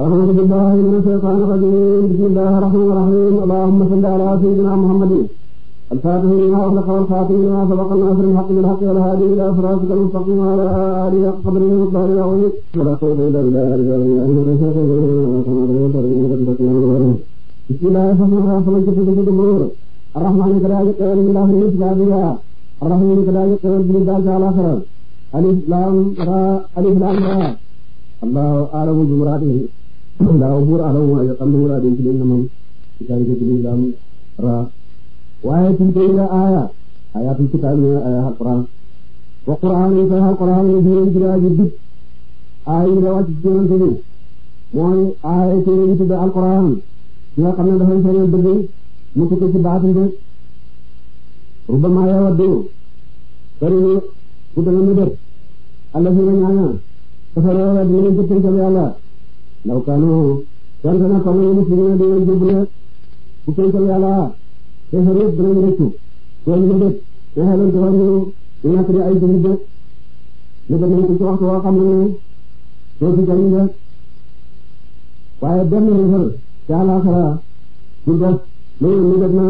أعوذ بالله من الشيطان الرجيم بسم الله الرحمن الرحيم اللهم صل على سيدنا محمد الفاتح لما أغلق والخاتم لما سبق الناصر الحق بالحق والهادي إلى صراطك المستقيم وعلى آله قدره ومقداره العظيم ولا قوة إلا بالله بسم الله الرحمن الرحيم كتب الدمور الرحمن كذلك وعلم الله في الإسلام بها الرحيم كذلك وعلم الله تعالى خير الإسلام را الإسلام را الله أعلم بمراده daaw buur Adama maa yottam mu laa denc leen ne moom ci kaw ci biir daam raa waaye tuuti nga aaya ayatul kitaab ñu aaya alquran wa quran yi sax alquran yi diine ci daa ji dib aaya yi la wàcc ci yonente bi mooy aaya nga xam ne dafay feeñal ci baatin rek rubama yawaddu bari na ku dana mu def allah fi nga ñaana dafa reewa dina jëppee yàlla law kaanu wante na kon nag ñu ne dinañ jub ne bu fekkee yàlla te xel yëpp dinañ rëccu loolu la def te xelal dafa ñu nekk di ay jullit de ñu dem nañ ko ci waxtu woo xam ne doo ci jëriñ de waaye benn réew te àllaaxira ñu def loolu ñu def na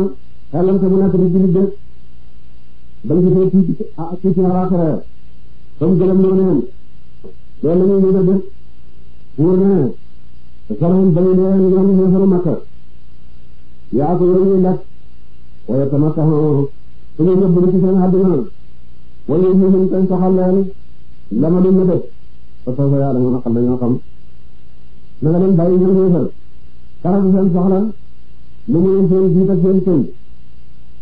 xelal te mu di jullit de bañ ci fee tuuti ah tuuti àllaaxira comme gëlëm ñu ne loolu la ñuy ñu def de na salaam bani Israayiil ñu ngi leen di Makka yaa ko yore ñuy lakk waaye tamit taxaw na su ñu nëbb ci seen àdduna wala ñu ngi leen soxal leen lama duñ la def parce que yàlla ñoo xam dañoo xam na nga leen bàyyi ñoom ñooy far karatu seen soxla lu muy seen jiit ak seen sëñ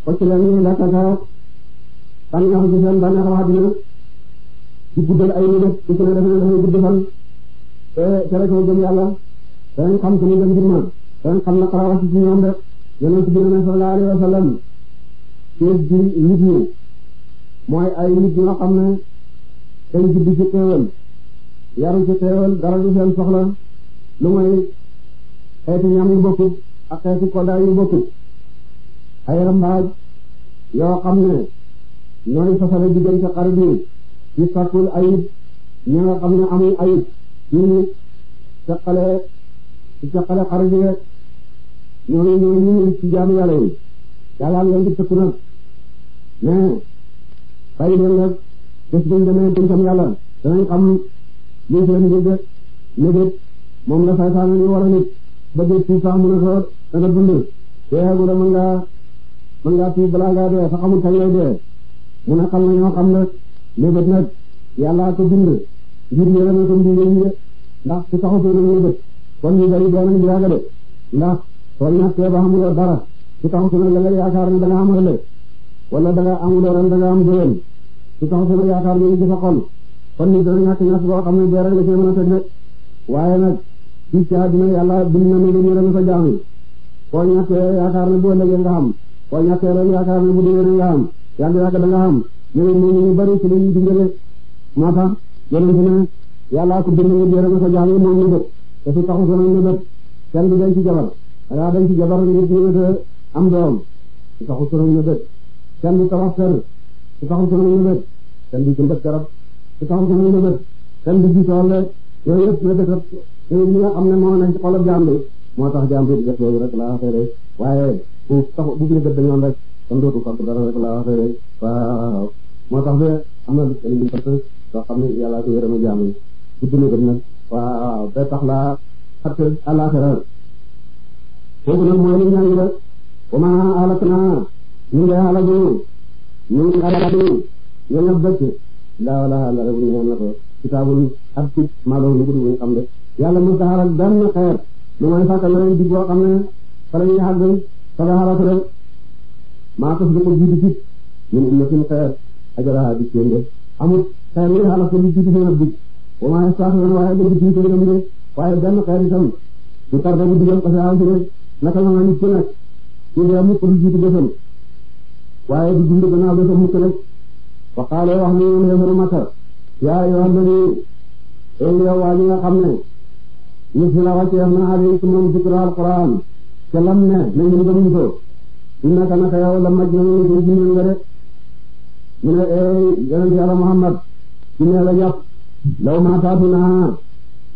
focc leen ñuy lakk ak karat tànneexu ci seen bànneexu àdduna di guddal ay nit ci ku ne def na dafay gudd fan te tere ko jëm yàlla danañ xam suñu gën jëmmal danañ xam naqara wàcc ci ñoom rek yonent bi ne sallallahu alayhi wa sallam kees gi mooy ay nit xam ne dañ judd ci xéewal yaru dara du seen soxla xeeti ñam yu bokkut ak xeeti koddaay yu bokkut ay rambaaj yoo xam ne ñooy fasale diggante xarit yi ci sàkkul ayib ñi xam ne amul ayib ñu ñu seqalee ci jaqale xare ji rek ñooñu ñooñu ñu ngi ci jaamu yàlla yi yàlla am leen di tëkku nag mais bàyyi leen nag bés bañ demee bëncam yàlla danañ xam liñ seen mbir de mébét moom la saytaane ñu war a nit ba gëj ci mu ne ko da nga dund teegu la mën ngaa mën ngaa fii balaa ngaa sa xamul kañ lay dee mu ne xam na ñoo xam nag mébét nag yàllaa ko bind ngir yërëme ko mbir yi de ndax ci taxu seen mébét kon ñu bëri doo nañ jaaga de ndax tooñ na tee ba xamuloo dara su taxu su ne la nga yaakaar ne da nga am ëllëg wala da nga amuloo ren da nga am déwén su taxu su ne yaakaar ne ñu ci kon ni dana ñàkk ñas boo xam ne dee rek la cee mën a teg de waaye nag fii ci na ne dañu ren sa jaam yi koo ñàkkee yaakaar ne bu ëllëgee nga xam koo ñàkkee ren yaakaar ne bu déwénee nga xam yàgg yàgg da nga xam ñooñu ñooñu ñu bëri ci lañuy dundale moo tax yonent te su taxu seen mébét kenn du denc jabar daa denc jabar ngir mébét am doom su taxu seen mébét kenn du tabax kër su taxu seen mébét kenn du jëmbat garab su taxu seen mébét kenn du ji tool yooyu yëpp mébét li nga xam ne moo nekk ci xolab jaam bi moo tax jaam bi di def loolu rek waaye bu taxu bu mébét dañoon rek kon dootu fàgg dara rek laa moo tax de am na lu ñu sant soo xam ne yàllaa ko yërëma jaam yi waaw ba tax la xarte alaxira kooku nag mooy li ñaan yi rek wa ma alakna ñu ngi alaguñu ñu ngi alaguñu ñu nga bëcc laa wala la rebu ñeen na ko kitaabul ak ci maaloo lu guduguñ xam de yàlla mos daxaral benn xeer lu mooy fàkkal leen dig boo xam ne fa la ñuy xàgg fa maa ko suñu ko jiitu ci ñun ummatin xeer ajalaha di seen de amul xeer ñuy xalaat ko lu jiitu seen ab dig waaye sax yoon waaye du gis ñu koy dem de waaye benn xeer itam du tarda bu digal ko saa de naka la nit ku nekk ci dee mukk du jiitu bësam waaye du dund gannaaw bësam mukk rek fa xaale wax ne yoon xeefaru makka yaa yoo xam ne yow waa ji nga xam ne ñu fi la wàcceef na alaykum moom zikru alquran te lam ne na ngeen gëmuñ ko innaka naka yow la maj na ngeen ko jinneen nga de mu ne ee yonent yàlla Muhammad ci ne law ma taatuna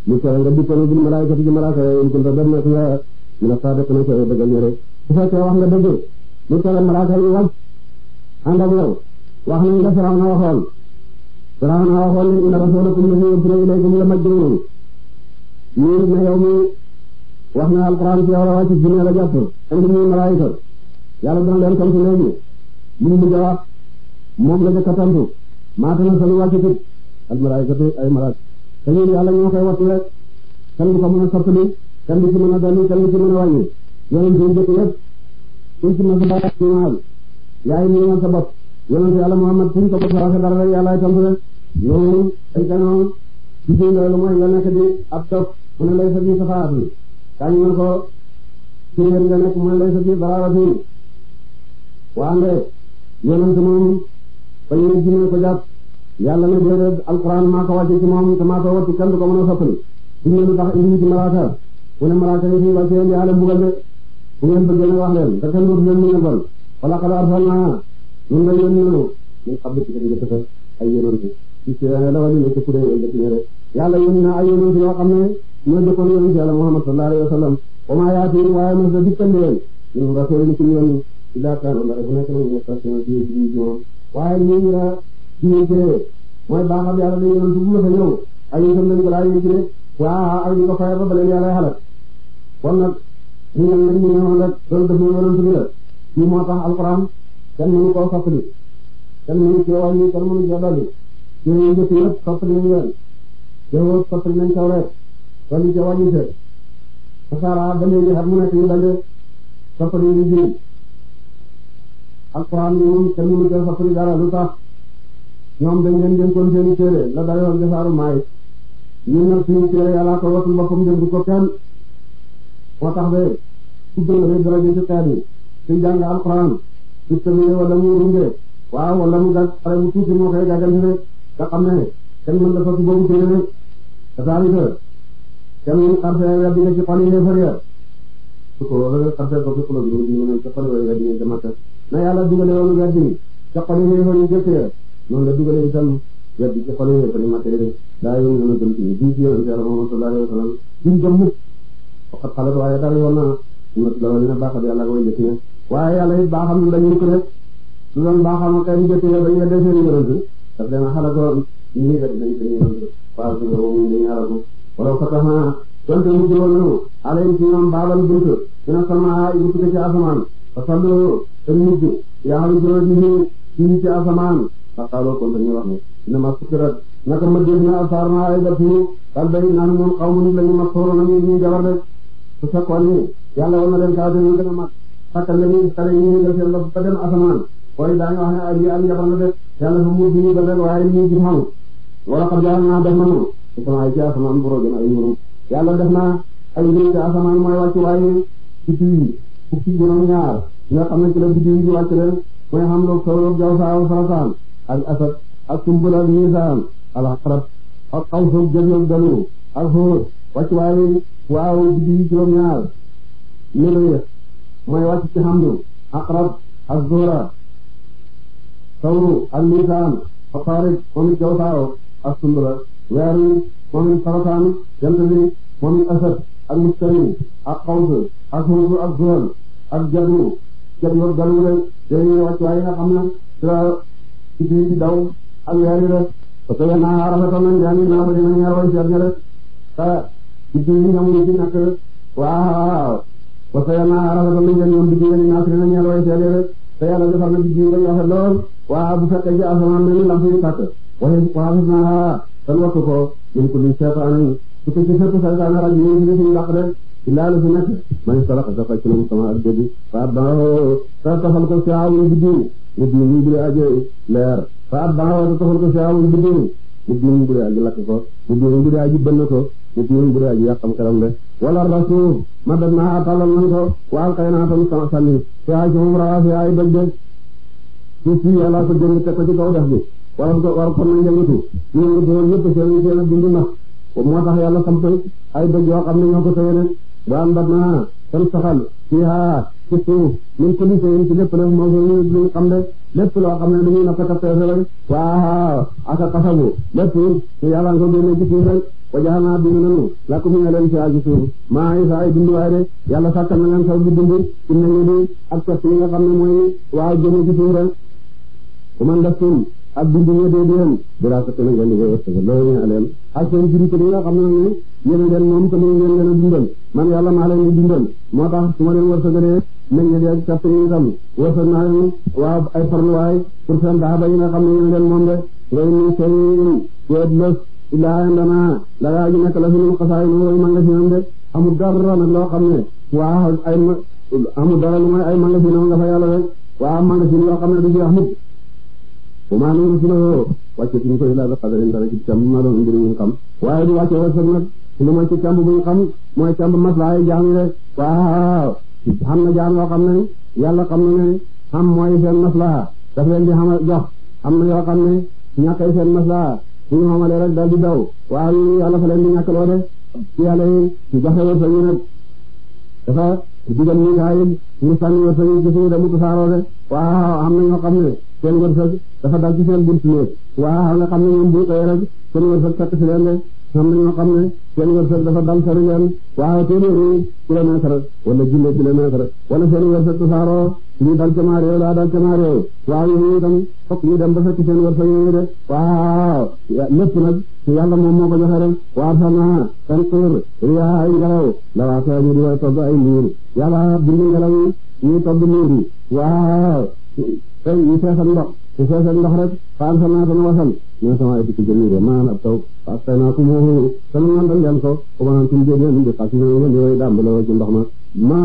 ñu ko nga dikkoon bil malaayikati ci malaaka yi in kunta dem nekk nga ñu ne saa dëkk na soo dëggal ñu rek bu fekkee wax nga dëgg lu tere malaaka yi wàcc ànd ak yow wax nañ nga firaw na waxoon firaw na waxoon ne inna rasulakum lazi ursila ilaykum la majnun ñun ne yow mi wax na alquran ci yow la wàcc ci ne la jàpp indi ñuy malaayika yàlla dana leen tontu léegi li ñu mujj a wax moom la jëkk a tontu maa tana sa lu wàcc al malaikatu ay malaaka te ñun yàlla ñoo koy wattu rek kenn du ko mën a soppali kenn du ci mën a dolli kenn du ci mën a wàññi yonent yi jëkk yëpp suñ ci mën a baax ñumaal yaay ñumal sa bopp yonent yàlla Muhammad suñ ko bopp waxee dara rek yàllaay tontu rek loolu ay kanoon ci biir loolu mooy nga nekk di ab dof mu na ko séeréer nga nekk mu ne lay sa biir baraawatu waa ndee ko jàpp yàlla na déedéet alquran maa ko wàcce ci moom te maa ko wàcce kenn du ko mën a soppali bu indi ci malaaka mu ne malaaka yi fi wàcce indi ala na wax leen te kenn du leen mën a bon wala xala arsalna ñun lay yónni nanu min qabli ci dañ jëkkësa ay yonante ci seen la wali nekk ku dee ëllëg ne rek yàlla yónni na ay yonante yoo xam ne ñoo jëkkoon yonante Muhammad sallallahu alayhi wa sallam wa maa yaatiihim waaye mos la dikkandi leen ñun rasul ni ci yónni illaa kaanu la rek nekk nañu station bi ci ñuy créé mooy baaxam yàlla day yonent bu dafa ñëw ay itam dañ ko daa yéegile waa ay di ko fayal ba baleen yàlla xalak kon nag ñu ne nag ñu ne woon rek loolu def na yonent bi la ñu moo tax alxuraan kenn mënu koo soppali kenn mënu cee wàññi kenn mënu cee dolli yooyu jëf yëpp soppali nañ leen yow soppali nañ taw rek dolli cee wàññi cee tasaara ba léegi xam mu nekk ñu daje soppali ñu jiw alxuraan moom kenn mënu cee soppali dara lu tax ñoom dañ leen dénkoon seeni téere la dalewoon jasaaru maay ñun nag suñu téere yàllaa ko watul boppam jënd ko kenn moo tax de ku gën a daraja ci xeet yi ci jàng alxuraan ci tëbëyee wala mu rundee waaw wala mu gàtt pare bu tuuti moo koy gàggante rek nga xam ne kenn mën dafa su boobu téere rek kasaalika kenn mu xarfee weddi nga ci xol yi xéefar ya su ko ko fi xulóo bi ñu mën a ca xol yi weddi nga ca makka na yàlla dugale woon weddi ca xol yi xéefar yi jëkk ya noonu la dugalee itam yàgg ci xol yi fari matériel daa yoon gën a gën ci diñ ci yonente yàlla Muhammad sallallahu alayhi wa sallam diñ gëm mukk waxat xalat waaye dara yoon na sunnatu lawal na baaxat yàlla ak way jëkk ña waaye yàlla it baaxam dañu ko def su doon baaxam kay jëkk a xalatoon ñi kat dañ seen yonente waaw su ñoo mu dañu yàlla ko wala ko tax naa donte mu jëloon nanu sama ibu ko ci asamaan fa sallu mujj yaa xam jëloon ci asamaan faqaaloo kon dañuy wax ne ina ma sukkirat naka ma dégg na asaar naa ay bët ñu dal day naan moom xaw ma nit lañu ma sooroon nañu ñu jabar rek su fekkoon ni yàlla war na leen kaa dañu gën a mag sàkkal la ñu xale ñu ngi seen bopp ba dem asamaan koy daañu wax ne ay yi am jabar la def yàlla fa mu ñu ba rek waaye ñu ci xamu wala xam yàlla naa def na noonu su sama ay ci asamaan bu rojoon ay murum yàlla def naa ay ngir ci asamaan mooy wàcc waaye ci fii fukki juróom ñaar nga xam ne ci la biddiw yi wàcc leen mooy xam lu solo jaw saa farasaan al asad ak sumbul ak nisaan al xarab ak xaw suuf jëflëg danu al xóor wàcc waaye waaw digg yi juróom-ñaar melo yi mooy wàcc ci xamdu aqrab ak zora sawru ak nisaan ak xaarig moom it jawfaaw ak sumbula weer wi moom it sarataan jant bi moom it asad ak mustari ak xaws ak xóosu ak zool ak jadru jadru ak danu rek dañuy wàcc waaye nga xam ne ci di daw ak weer yi rek parce que naa rafetoon nañ jaan yi naa fa dina ñaar way seet ña rek ah digg yi ñamuñu ci nekk waaw parce que naa rafetoon nañ jaan yi naa fi dina ñaar way seet rek te yàlla defar na digg yi dañu rafet lool waaw bu fekkee ci asamaan benn lamp yu tàkk waaye waaw naa tan wattu ko ñu ko li seetaan su ko ci fépp seetaan rajo yi ñu ngi fi rek illaa la fi nekk man salax dafa ci moom sama ak dégg fa baaxoo ta tafal ko saawun bi diw mu diw ñu buri aje leer fa baaxoo ta tafal ko saawun bi diw mu diw ñu aji lakk ko mu diw ñu aji bënn ko de wala rasuul ma dad naa tallal nañ ko waal kay naa tam sama sànni fiaa ci moom rawaa fiaa yi doj de ko jënd teg ci kaw def bi wala ko war kon na njëngatu ñu ngi doon yëpp seen seen dund nax moo tax yàlla samp ay doj yoo xam ne ñoo ko tëye wa ambatnaa tan saxal fiihaa ci suuf min kulli shay'in ci lépp la moo fi lu xam de lépp loo xam ne lu muy a peese rek waaw aka kasabu lépp yàlla nga ko génne ci suuf rek wa aa bind nanu lakk mu ne leen fiihaa ci suuf maa ngi saa ay dund waaye de yàlla sàkkal na leen saw bi dund ci nga ak tos xam ne mooy waaw génne ci suuf rek ku man def ak bind ñoo dee di leen bilaa sotti nag ngeen di koy wërsëg loolu nga xam ne yéen a ngeen moom te mënu ngeen leen a dundal man yàlla maa leen moo tax su ma leen wërsëgalee nañ ne ak kàttan yi tam wërsëg naa leen waaw ay farluwaay pour seen daaba yi nga xam ne yéen a leen moom de loolu ñu seen wet lës illaa indana la yaa ji nekk la suñu xasaay no wooyu magasinam de amul dara nag loo xam ne waa ay amul dara lu mooy ay magasinam nga fa yàlla rek waa magasin loo xam ne du jeex mukk bu maa noonu si la woo wàcce suñu ko ilaa bi qadarin dara ci càmb maa doon mbir ñu xam waaye du wàcce wërsëg nag lu ma ci càmb bu ñu xam mooy càmb maslaay jaam yi rek waaw xam na jaam yoo xam ne yàlla xam na ne xam mooy seen maslaa daf leen di xamal jox am na yoo xam ne ñàkkay seen maslaa su ñu daal di daw waaw ñu yàlla fa leen di ñàkkaloo de ci yàlla yi ci joxe wërsëg yi nag dafa digal ni gaay yi ñu sànni wërsëg yi ci suñu dem mu tasaaroo de waaw am na ñoo xam ne seen wërsëg dafa dal ci seen buntu néeg waaw nga xam ne ñoom bu ñu koy rek seen wërsëg fekk si leen ne xam nañoo xam ne seen wërsëg dafa dal sori leen waaw téeméeri kilomètre wala junne kilomètre wala seen wërsëg tasaaroo ñu dal jamaa réew laa dal jamaa réew waaw yooyu itam fokk ñu dem fekk seen wërsëg yooyu de waaw lépp nag yàlla moom moo ko joxe rek waaw sama tanqir riyaa ay ngelaw la waa ko ñu di way togg ay niir yàlla bind togg niir yi waaw taw yu ndox su feesal ndox rek fa am sama dana wasal mais sama ay dikk jënd de maanaam ab taw parce que naa sa moo sama ngandal leen ko ku maanaam suñu jënd leen di xas ñu ne ñooy dàmbaloo ci ndox ma ma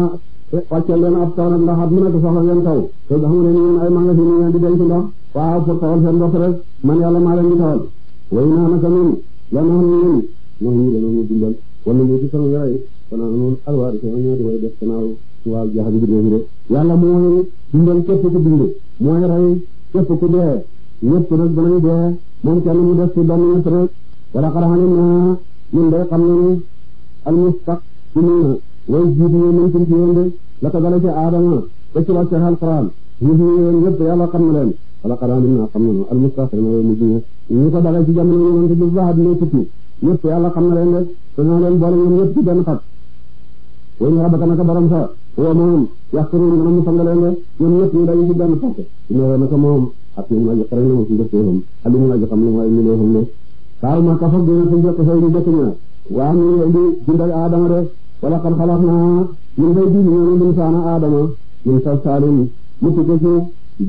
wàccal leen ab taw nag ndax at mu nekk soxla ngeen sa te xam ne ñun ay magasin yi ngeen di denc ndox waaw pour tawal seen ndox rek man yàlla maa leen tawal way naa naka ñun la na xam ne ñun ñoo ñu danoon ñu dimbal wala ñu ci sama yaay fanaan moom way def kanaaw waaw jaxa bi dina fi de yàlla mooy dundal képp ku dund mooy rey képp ku dee ñëpp nag danañ dee moom kenn mu des ci benn ñett rek wala xaraxane na ñun day xam ne ni almustaq ci nuuna way jiitu yéen nañ suñ ci yéen de la ko dale ci aadama ba ci la ci alquran ñu fi yéen yëpp yàlla xam na leen wala xaraxane na xam na almustaq ma way mujj ñu ñëpp yàlla xam na leen de te ñoo leen boole ñoom ñëpp ci benn xat way ñu rabaka naka borom sa ومن يخرون من المصلين من يسجد إليه جان فاك إنه نكمهم حتى ما يقرن مصيبتهم هل ما يقمن وإن لهم قال ما كفر بنا سجد قصير بكنا وأن يعدي جند آدم ره ولقد خلقنا من بيت من إنسان آدم من صلصال متكسي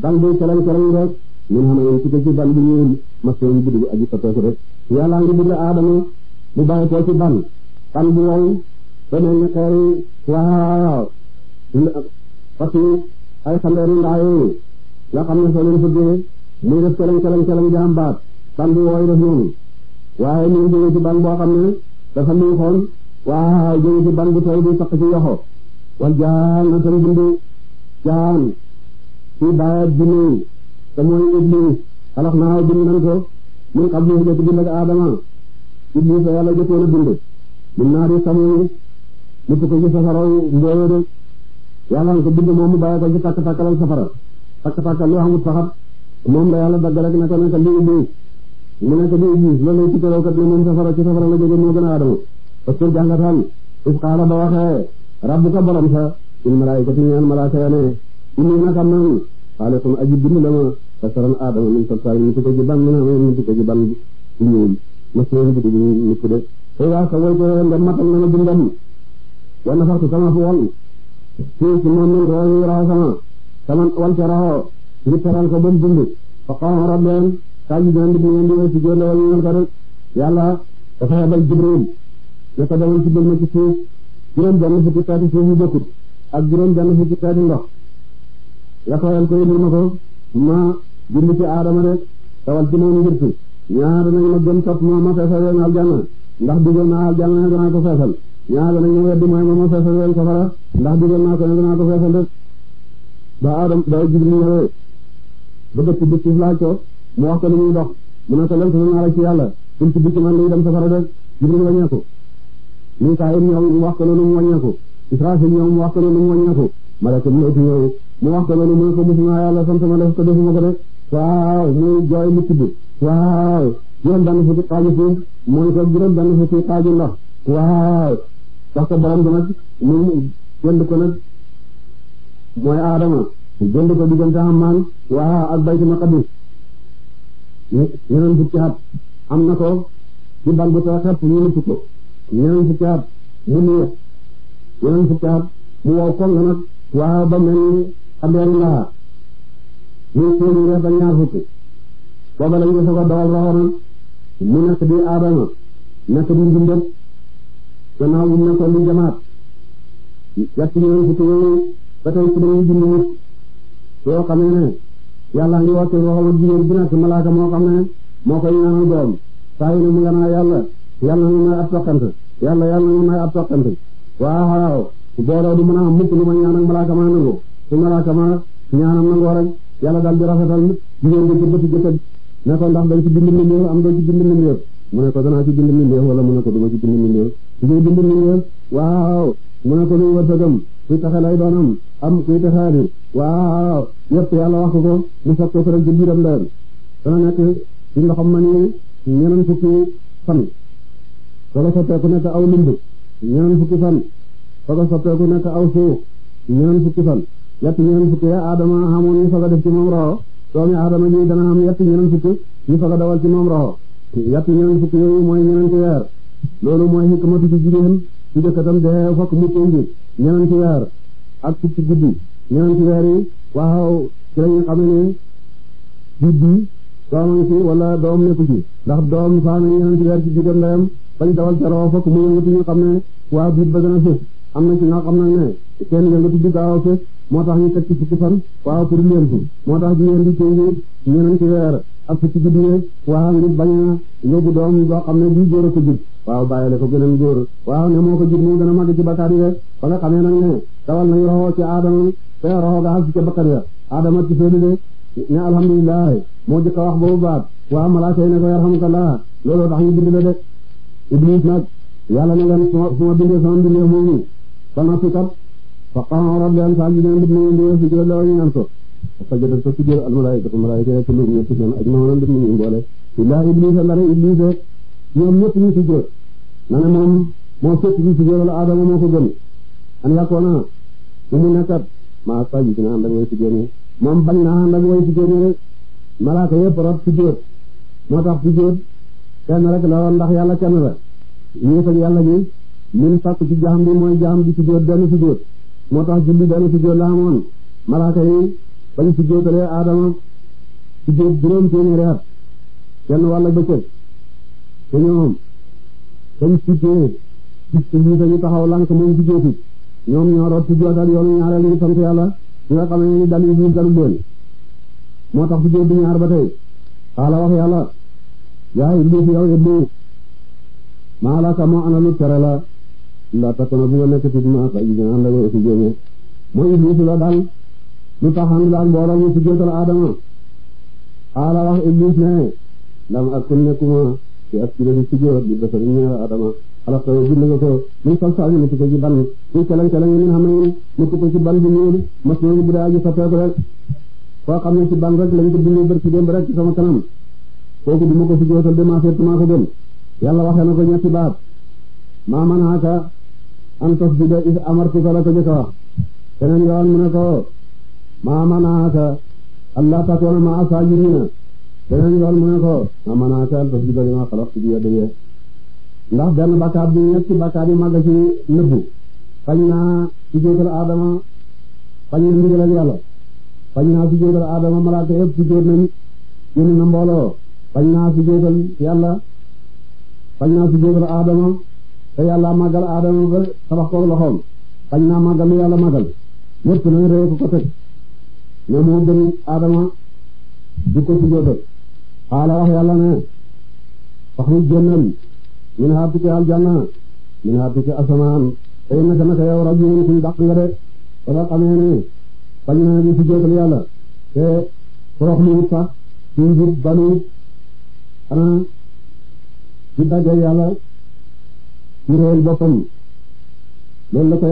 بلد كلام كلام رك من هم يمتكسي بلد من مسلم بدو أجي فتاك رك يا لانجي بدو آدم مبايا توسي بلد بلد وعي فمن يقري واو fas yi ay xandeeru ndaa yooyu nga xam ne soo leen fëggee muy def kelem kelem kelem jaam ban bi wooy def noonu waaye mu jóge ci ban boo xam ne dafa muy waaw jóge ci ban bu tooy bi saq ci yoxo wal jaan na seen bind jaan ci baayat jinne te mooy iblis xalax naa bind nan ko min xam ne jëkk bind ak aadama iblis a yàlla jëkkoon a bind mun naa di samuyi lu ci safaraw mbooyo yàlla na ko bind moom mu bàyyi ci takk takkalal lu xamut faxat moom la yàlla dagg rek ne ko ne ko lii ubbi mu ne ko lii ubbi loolu lay tikaloo kat ne moom safara ci safara la jóge moo gën a aadama parce que jàngataan isqaala ba waxee rabbuka borom sa il malaayikati ñaan malaaka ya ne inni naka man xaaliqun aji bind dama fasaran aadama min salsaal ñu ci ban mu ne ñu ko ci ban ñuul masuwéen bi di nit de xëy waa sa woy ko nga matal na ma bindam wa nafartu sama fu woon fii ci moom min reewi raxasama saman walca raxoo ngir teral ko bam dund fa qaama rabbeem taji dina ndib ngeen di si jolowal ngeen ko rek yàlla dafa yebal jibril ne ko demal si ma ci suuf juróom benn fukki taati suuf yu bokkut ak juróom benn fukki taati ndox nga tooyal ko indil ma ko ma julli ci aadama rek tawal ci moom ngir ma gëm topp ma ma feesal leen aljanna ndax dugal naa aljanna danaa ko feesal ñaar la ñu weddi mooy moom moo feesal leen safara ndax digal naa ko ne dinaa ko feesal rek ba Adam ba Jibril ñëwee ba dëkk bi suuf laaj ko mu wax ko li muy dox mu na ko leen suñu naa la ci yàlla suñ ci dikk man dañuy dem safara rek Jibril wàññeeku Mikaayil ñëw mu wax ko loolu mu wàññeeku Israfil ñëw mu wax ko loolu mu wàññeeku malakul mawt ñëw mu wax ko loolu mu ne ko musuma yàlla sant ma def ko defuma ko de waaw muy jooy mu tibb waaw juróom benn fukki xaaju suuf mooy ko juróom benn fukki xaaju ndox sax ko borom bi nag moom jënd ko nag mooy aadama jënd ko diggante Amman waa ak Baytul Maqdis ñeneen fukki at am na ko ci bal bu tooy xepp ñu nëpp ko fukki at mu nuyu ñeneen fukki at mu wow koŋ waa ba mel ni xabeeru laa ñu reef ak ñaar fukki booba lañu ko soog a dawal rawoon mu nekk di aadama nekk di ndundam gannaaw ñu ne ko lu jamaat yàq ñoom fukki yooyu ba tey ci dañuy bind nit soo xamee ne yàlla ngi wàcce waxawul jigéen bi nekk malaaka moo xam ne moo koy ñaanal doom saa yu ne mu nga naa yàlla yàlla nga may ab soqante yàlla yàlla nga may ab soqante waaw waaw booloo du mën a am mukk lu ma ñaan ak malaaka ma nangu su malaaka ma ñaanam nangoo rek yàlla daal di rafetal jigéen bi ci bëti jëkkër ne ko ndax dañ ci bind mbindeef am dañ ci bind mbindeef mu ne ko danaa ci bind mbindeef wala mu ne ko duma ci bind suñuy bind nañ leen waaw mu ne ko luy wërsëgam kuy taxe lay doonam am kuy taxaani waaw yëpp yàlla wax ko mu soog ko rek ci biiram ndeyam dana nekk ci ndoxam man yi ñeneen fukki fan soo soppeeku nekk aw lumb ñeneen fukki fan soo soppeeku nekk aw suuf ñeneen fukki fan yett ñeneen fukki ya aadama xamoon ñu fa a def ci moom roxo doomi aadama ji dana xam yett ñeneen fukki ñu soog a dawal ci moom roxo yett ñeneen fukki yooyu loolu mooy ma ci jigéen su njëkk tam de fokk mu tënk ñenanti weer ak fukki guddi ñenanti weer yi waaw ci la ñuy xam ne doomam ci wala doom nekku ci ndax doom faa na ñenanti weer ci jigéen ndeyam bañ dawal caroo fokk mu yëngatu ñu xam ne waa biit ba gën a fës am na ci nga xam nag moo tax ñu teg ci fukki fan waaw pour léentu moo tax jigéen di tënk ñenanti weer ëpp ci guddi gi waaw nit bañ a yóbbu doom boo xam ne bii góor a ko jub waaw bàyyile ko gënal góor waaw ne moo ko jub moo gën a màgg ci bakkaar yi rek ba nga xamee nag ne dawal nañ roxoo ci aadama te roxoo ga xas ca bakkaar ya aadama ci seeni de ne alhamdulilah moo jëkk a wax boobu baat waaw malaaka yi ne ko yarhamukallah looloo tax ñu bind la de iblis nag yàlla na leen su ma bindee sama mbindeef moomu ba noppi kat fa qamara rabbi an sajidina sajada sa sujjóot al malaayikatu malaayika ya kulluhum ñëpp seen ajmahuuna lim ñu mboole illaa iblisa ndare sujjóot na moom moo sëpp bi sujjóotal aadama moo ko gën an yàkkoona mu mu nekkat maa saji dina ànd ak way sujjóot yi moom bañ naa ànd ak way sujjóot yi rek malaaka yëpp rot sujjóot moo tax sujjóot kenn rek la woon ndax yàlla kenn la ñii sañ yàlla ñi min sàkk ci jaam bi mooy jaam bi sujjóot moo tax julli benn sujjóot la amoon malaaka yi ba ñu sujjóotalee aadama sujjóot juróom téeméeri at kenn wàll bëccëg te ñoom dañ sujjee gis yi dañu taxaw lànk moom sujjóotu ñoom ñoo root sujjóotal yoonu ñaareel ñu sant yàlla ñu xamee ni dal yi ñu dalu leen moo tax sujjóot bi ñaar ba tey xaala wax yàlla yaa ibliis yow iblis maa laka moo ana lu tere la la takk na bu nga nekk ci maa ka yi nga ànd ak mooy la daal lu tax ànd ak mbooloo ñu sujjóotal Adama ala wax Iblis ne lam ak kun nekkuma ci ak ci dëgg sujjóot bi basari ñaar Adama xalaat ko bind nga ko muy sol saa ñu ko ci ban muy keleng keleng yi nga xam ne ñu ko ci ban bu ñuul mos nga bu dee aji soppeeku rek koo xam ne ci ban rek lañ ko bindee bër ci ma ko sujjóotal de maa seet maa ko gën yàlla waxee na ko ñetti baat maa manaaka an tasjuda is amartuka la ko jëkk a wax keneen yoon maa manaaka allah takoona maa saajiriina beneen yoon mu ne ko maa manaaka al tasjuda limaa xalaqtu bi ndax benn bakkaar bi ñetti bakkaar yi màgg ci nëbbu fañ naa sujjóotal aadama fañ na ndigal ak yàlla fañ naa sujjóotal aadama malaaka yëpp sujjóot nañ génn na mbooloo fañ naa sujjóotal yàlla fañ naa sujjóotal aadama te yàlla màggal aadama ba tabax ko loxoom fañ naa màggal yàlla màggal lépp nañ rëy ko ko ñoom moo gën Adama di ko sujjóotal xaala wax yàlla ne wax ni génnal min ha tukki aljanna min ha tukki asamaan te naka naka yow rajulun kuñ dàq nga de ba nga xamee na di sujjóotal yàlla te toroxlu wut sax ci njub balu xanaa ci daje yàlla ci réel la ko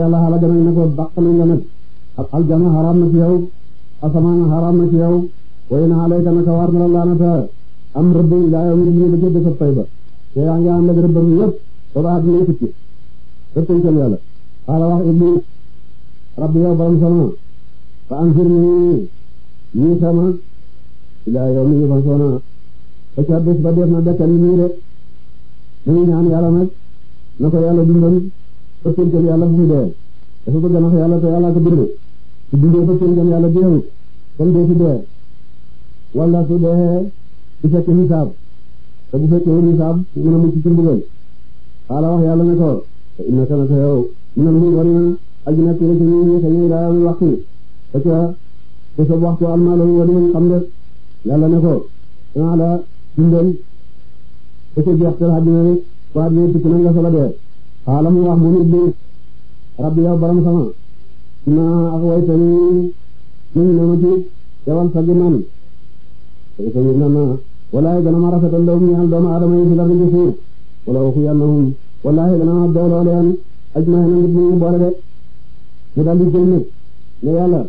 yàlla xaala gën a ne ko dàq nañ la na ci yow asamaan xaraam na ci yow way a alayka naka war na la laanata am rëbb ilaa yow mi dina ba jëdd sa tay ba te yaa ngi ànd ak rëbbam yëpp ba ba àdduna tukki sa tënkal yàlla xaala wax iblis yow borom sama fa anzirni ñii sama ilaa mi ñu fa soona ba ca bés ba def na dekkal yi nii rek mu ngi ñaan yàlla nag na ko yàlla dundal sa tënkal yàlla fu mu dee dafa bëgg nax yàlla te yàlla su dundee fa seen ngëm yàlla deewut kon dootu dee wala su dee bu fekkee hisaab te bu fekkee hisaab mën a mucc ci mbugal xaala wax yàlla ne ko te inna kana sa yow minal munzariina aji nekk nga ci ñun ñi xëy na daa am waxtu parce que te sa waxtu almaaloo war nañ xam ne yàlla ne ko danaa la dundal ba ca jeex tal àddina rek ba àddina tukki na nga dee xaala mu wax mu nit bi rabbi yow baram sama na ak way tani nañu na ma ci yawal sa giman sañu na ma wallaahi gana ma mi al doomu aadama yi fi lardi ci suuf wala waxu yannahum wallaahi gana ma dooloo leen ajmaay na ngir ñu boole de ne yàlla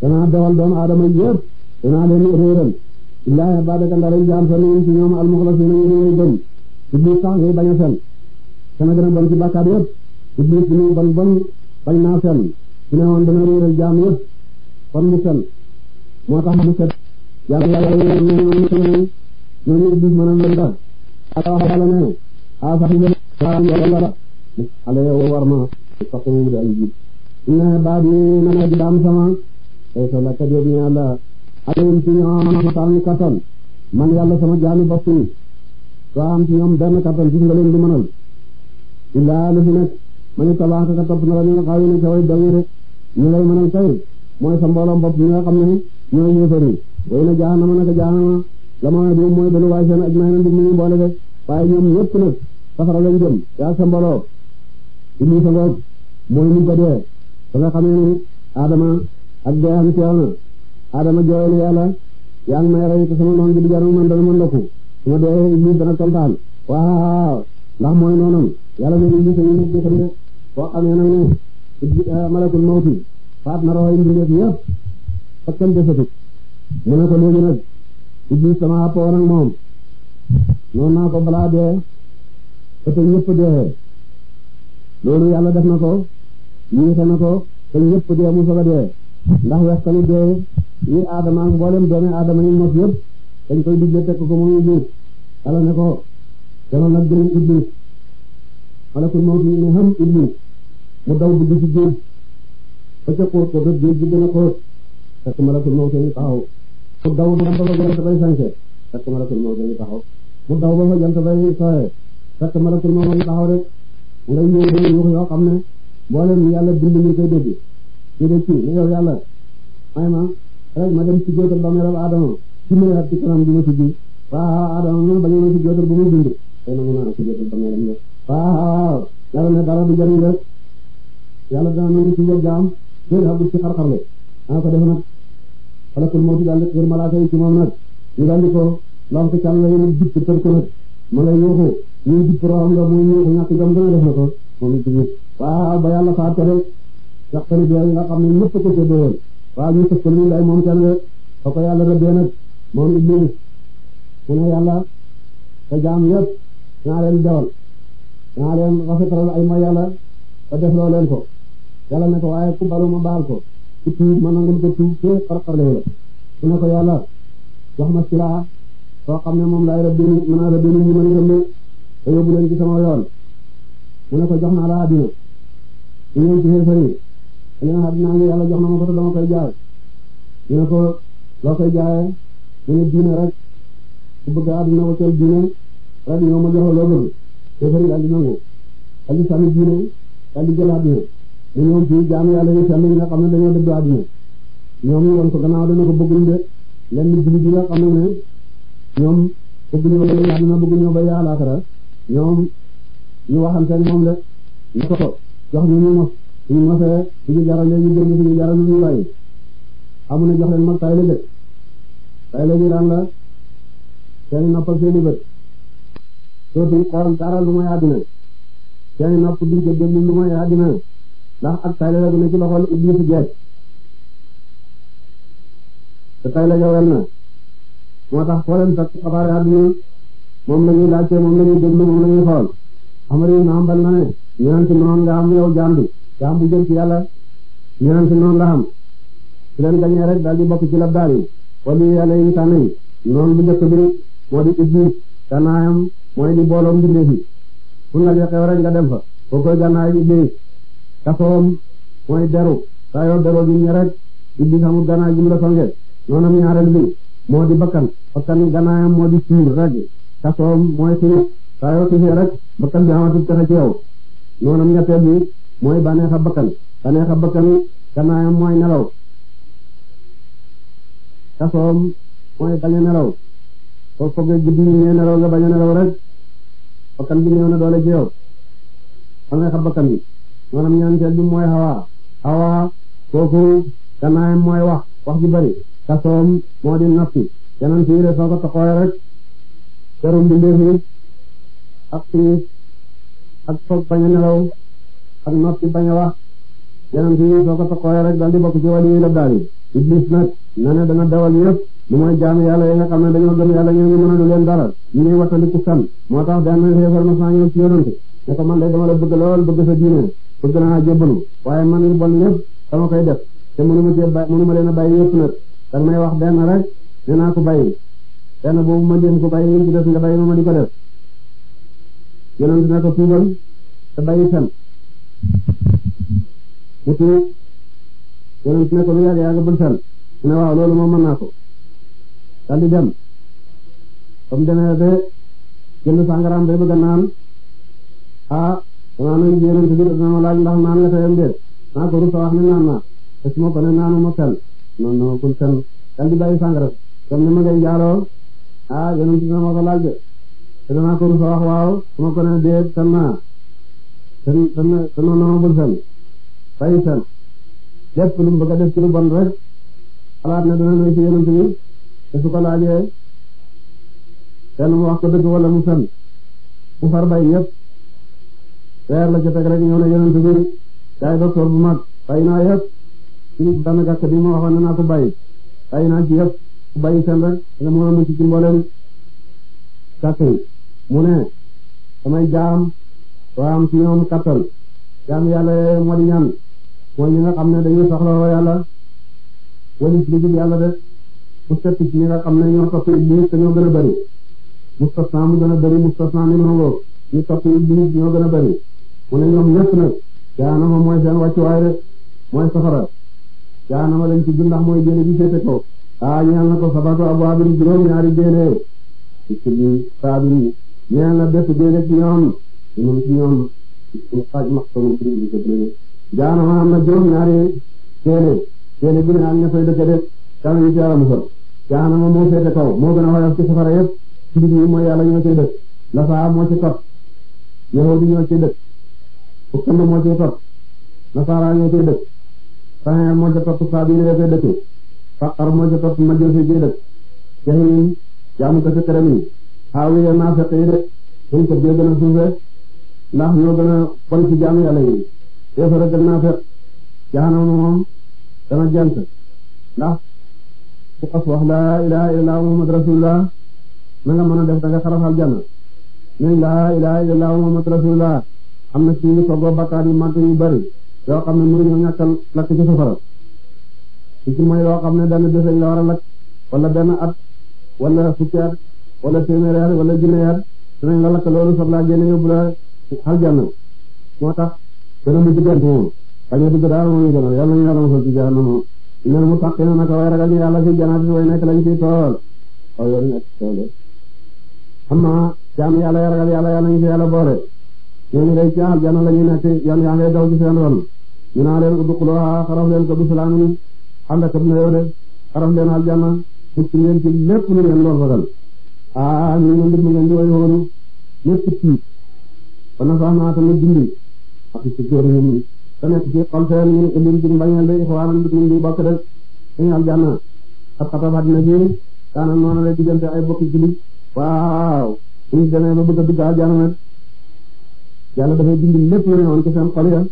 danaa dawal doomu aadama yëpp danaa leen réeral illaahi baadaka ndara jaam sa nuñ ci ñoom almuxlasina ñu way gëm iblis sax ngay bañ a fen sama gën a bon ci bàkkaat bañ naa su ne woon dana réeral jaam yëpp kon mu sell moo tax mu set jaam yàlla yi ñooñu ñooñu ñooñu iblis mën a mën dara ala wax yàlla ne asax yi waaw yàlla ala war ma sax mu di ay jiit inna baab yi nana di daam sama tey sa la kat yóbbu yàlla alayhim ci ñoom sànni kattan man yàlla sama jaami bopp soo am ci ñoom benn kattan gis nga leen di mënal illaa nekk ma ñu tabax ka topp na la ñu xaw li lay mën a tey mooy sa mbooloom bopp ñi nga xam ne ñooy yéefar yi way na jahanama naka jahanama la ma di mooy balu waay seen aj may nag safara lañ jëm yaa sa mbooloo iblis a ngoog ba nga xamee ne adama ak dee xam teew na adama jooy na yàlla yaa ngi may rey te sama noon bi di man dana ma ndokku su ma dee iblis dana kontaan waaw ndax mooy noonam yàlla ne iblis a ñu nekk ko de boo xamee nag ne Ah, malakul mawti faat na roxoy mbindeef yëpp fakkan desatu ne ko léegi nag iblis sama àppoon ak moom noonu naa ko balaa dee te te ñëpp dee loolu yàlla def na ko dee mu soga dee ndax wextanu dee yi aadama ak mboolem doomi aadama yi mos yëpp dañ koy digle teg ko moom iblis yàlla ne ko demal nag jëriñ iblis malakul mawti ne xam iblis mu daw dugg ci géej ba ca kóor kóor géej gi gën a xóot fekk malakul mawt yi taxaw mu daw ba ba jant bay sànke fekk malakul mawt yi taxaw mu daw ba ba jant bay sooyee fekk malakul mawt yi taxaw rek ngay ñëw dañuy wax yoo xam ne mboolem yàlla bind ñu koy dégg ñu de ci ne yow yàlla may ma rek ma dem ci góotal ba meral Adama ci mu at ci kanam bi ma si ji waaw Adama moom bañu ma si góotal ba mu bind tey nangu naa si góotal ba meram waaw yàlla ne dara du jariñ rek yàlla dana nangu tuubal jaam loolu ah, daal di ci xarxarle dana ko def nag falakul mawti daal di wër malaaka yi ci moom nag ñu daal di ko lonk ci àll yéen a jub te tër ko nag ma lay yóoxu ñu jub roxam nga muy ñëw a def na moom it jub waaw ba yàlla faat ko rek ndax tamit yooyu nga xam ne ko séddoo woon waaw ñu tëf moom kenn rek fa ko yàlla rëbbee moom iblis mu ne yàlla te jaam yëpp naa leen jawal naa leen ay mooy yàlla te defloo leen ko yàlla ne ko waaye ku balu baal ko ku tuub ma nangul ko tuub fee xarxarlewu la su ne ko yàlla wax ma silaa soo xam ne moom laay rabbi ni mën a rabbi ni ñi ma ne te yóbbu leen ci sama yoon mu ne ko jox naa la àddina ñu ñëw ci xeefar yi leen àddina ngi yàlla jox na ma ko te dama koy jaay ñu ne ko loo koy jaayee mu ne diine rek ku bëgg àddina waccal diine rek ñoo ma jox loo bëgg xeefar yi daal di nangu daal di sànni diine daal di jël àddina dañoo ci jaamu yàlla yu sell yi nga xam ne dañoo dëddu àdduna ñoom ñu woon ko gannaaw dana ko bëgguñ de lenn jullit yi nga xam ne ne ñoom bëgguñoo bay àdduna bëgguñoo bay àllaaxira ñoom ñu waxanteeg moom de ñu ko jox ñu ñu mos suñu mosee suñu jarale ñu génn suñu jarale ñu bàyyi amu ne jox leen mag tay la de tay la ñu daan la seeni nopp ak seeni bët dootuñ xool dara lu may àdduna seeni nopp duñ ko lu may àdduna ndax ak tayle la bu te tayle ga wel na moo tax foo leen fekk xabaare àdduna moom la laajte moom la déglu moom la ñuy xool Amari ibn Hanbal na ne ñeenti noonu nga am yow jaam bi jaam bu jëm ci yàlla ñeenti noonu la am su leen gañee rek daal di bokk ci labdaal yi wala yàlla yi tànn yi noonu bu njëkk bi moo di iblis gannaayam mooy di booloom mbindeef yi fu la joxee rek nga dem fa koo koy gannaay iblis kasoom mooy deru saa yoo deroo bi ñu rek iblis amul gannaay gi mu la songe noonam ñaareel bi moo di bakkan bakkan gannaayam moo di suur rek bakkan bi amatul pexe ci yow noonam ñetteel bi mooy bànneexa bakkan bànneexa bakkan gannaayam mooy nelaw kasoom mooy bañ a nelaw soo foogee guddi ne nelaw nga bañ a nelaw rek bakkan bi néew na doole ci yow bànneexa bakkan bi maanaam ñaanteel bi mooy hawa hawa kooku gannaayam mooy wax wax ju bari kasoom moo di nafsi yeneen fii de soo ko taxawee rek jarum bindeefi ak siis ak foog bañ a nelaw ak noppi bañ a wax yeneen fii soo ko taxawee rek daal di bokk ci wàllu yi la daal yi nag na dana dawal yëpp lu mooy jaamu yàlla yi nga xam ne dañoo gëm yàlla ñoo ngi mën a lu leen dara ñu ngi wattandiku san moo tax daan na réefarmation ñëw ci yonante ne ko man de dama bëgg lool bëgg sa bëgg naa jébbalu waaye man lu bon lépp dama koy def te mënuma cee mënuma leen a bàyyi yëpp nag danga may wax benn rek nee naa ko bàyyi benn boobu ma leen ko bàyyi yëpp des nga bàyyi ma ma di ko def yonent ne ko tuubal te bàyyi fen mu tuub yonent ko lu yàgg yàgg bul fen mu ne waaw loolu moom mën naa ko daldi dem comme demee ba jënd sàngaraam ba bëgg a naan ah, danaa ne yonent bi dana ma laaj ndax naan nga tayam de naa ko rusa wax naan naa te su ko ne naanu na ma kul fen kan di bàyyi ma ko laaj de te danaa ko rusa waaw su ko ne dee fen naa te te noonu na ma bul fen bàyyi fen def lu mu bëgg a def ci lu bon rek xalaat ne dana ne ci yonent bi te su ko laajee kenn mu wax ko dëgg wala mu fen mu far bay yëpp weer la ca teg rek ñëw na yonent bi kaay docteur bu mag fay naa yëpp ci benn gàkk bi ma waxoon ne naa naa ci yëpp ku bàyyi seen rek nga mën a mucc ci mboolem gàkk mu ne samay jaam waa am ci ñoom kattan jaam yàlla moo di ñaan mooy ñi nga xam ne dañuy soxla woo yàlla wali ci de mu set ci ñi nga ne ñoo topp lii te ñoo gën a bëri mustasna mu gën a bëri mustasna ni mango ñu topp lii ñoo gën a bëri mu ne ñoom ñëpp nag jaanama mooy seen wàccuwaay rek mooy safara jaanama lañ ci ndax mooy jéene bi féete kaw a ah ñeel na ko sabatu abwaabin juróom ñaari jéene ci saabin ñeel na bépp jéene ci ñoom ñoom ci ñoom xaaj maxtonu pri jaanama am na juróom ñaari jéene jéene bu ne ak ña fay dëkk def kana ñu ci yàlla musal jaanama moo féete kaw moo gën a woyof ci safara yëpp ci nit ñi mooy yàlla ñoo cay dëkk la saa moo ci kot yahudi ñoo cay dëkk fukkal moo cee topp nasaara ñoo cee dëkk saxeer moo ca faqar moo ca topp majoosi cee dëkk jahilin jaamu ko ci këram yi xaawiya naafeq yi de suñ ko jee gën a suufee ndax ñoo gën a bon ci jaamu yàlla yi wax laa ilaha illallah muhammad rasulullah na nga mën a def da nga xarafal am na ci ñu soggoo bakkaar yu màgg yu bari yoo xam ne mënuñoo ñàkkal lakk ci safara su ci mooy loo xam ne benn bés la war a lakk wala benn at wala fukki at wala téeméeri at wala junni at la lakk loolu soog laa génne yóbbu la aljanna moo tax dana mu diggante moom a moo yàlla ñu tax na naka way nekk lañ ci tool xam naa jaam yàlla ya a yàlla yàlla ñu fi yàlla boole ñooñu day ci aljana la ñuy nekk yan yaa ngay daw ci seen ron ñu naa leen udxuluhaa xaraf leen ko bi salaamin ànd ak na yow de xaraf leen aljana mucc ngeen ci lépp lu ngeen doon ragal ba na sax naa tamit dindi ak ci góor ñi te nekk ci xol seen ñu indi ci mbañeel de xawaanan mbir mi di bokk rek dañu aljana ab xatab àddina ji daana noona lay diggante ay bokki jullit waaw bu ñu demee ba bëgg a dugg aljana nag yàlla dafay bind lépp lu ne woon ci seen xol ya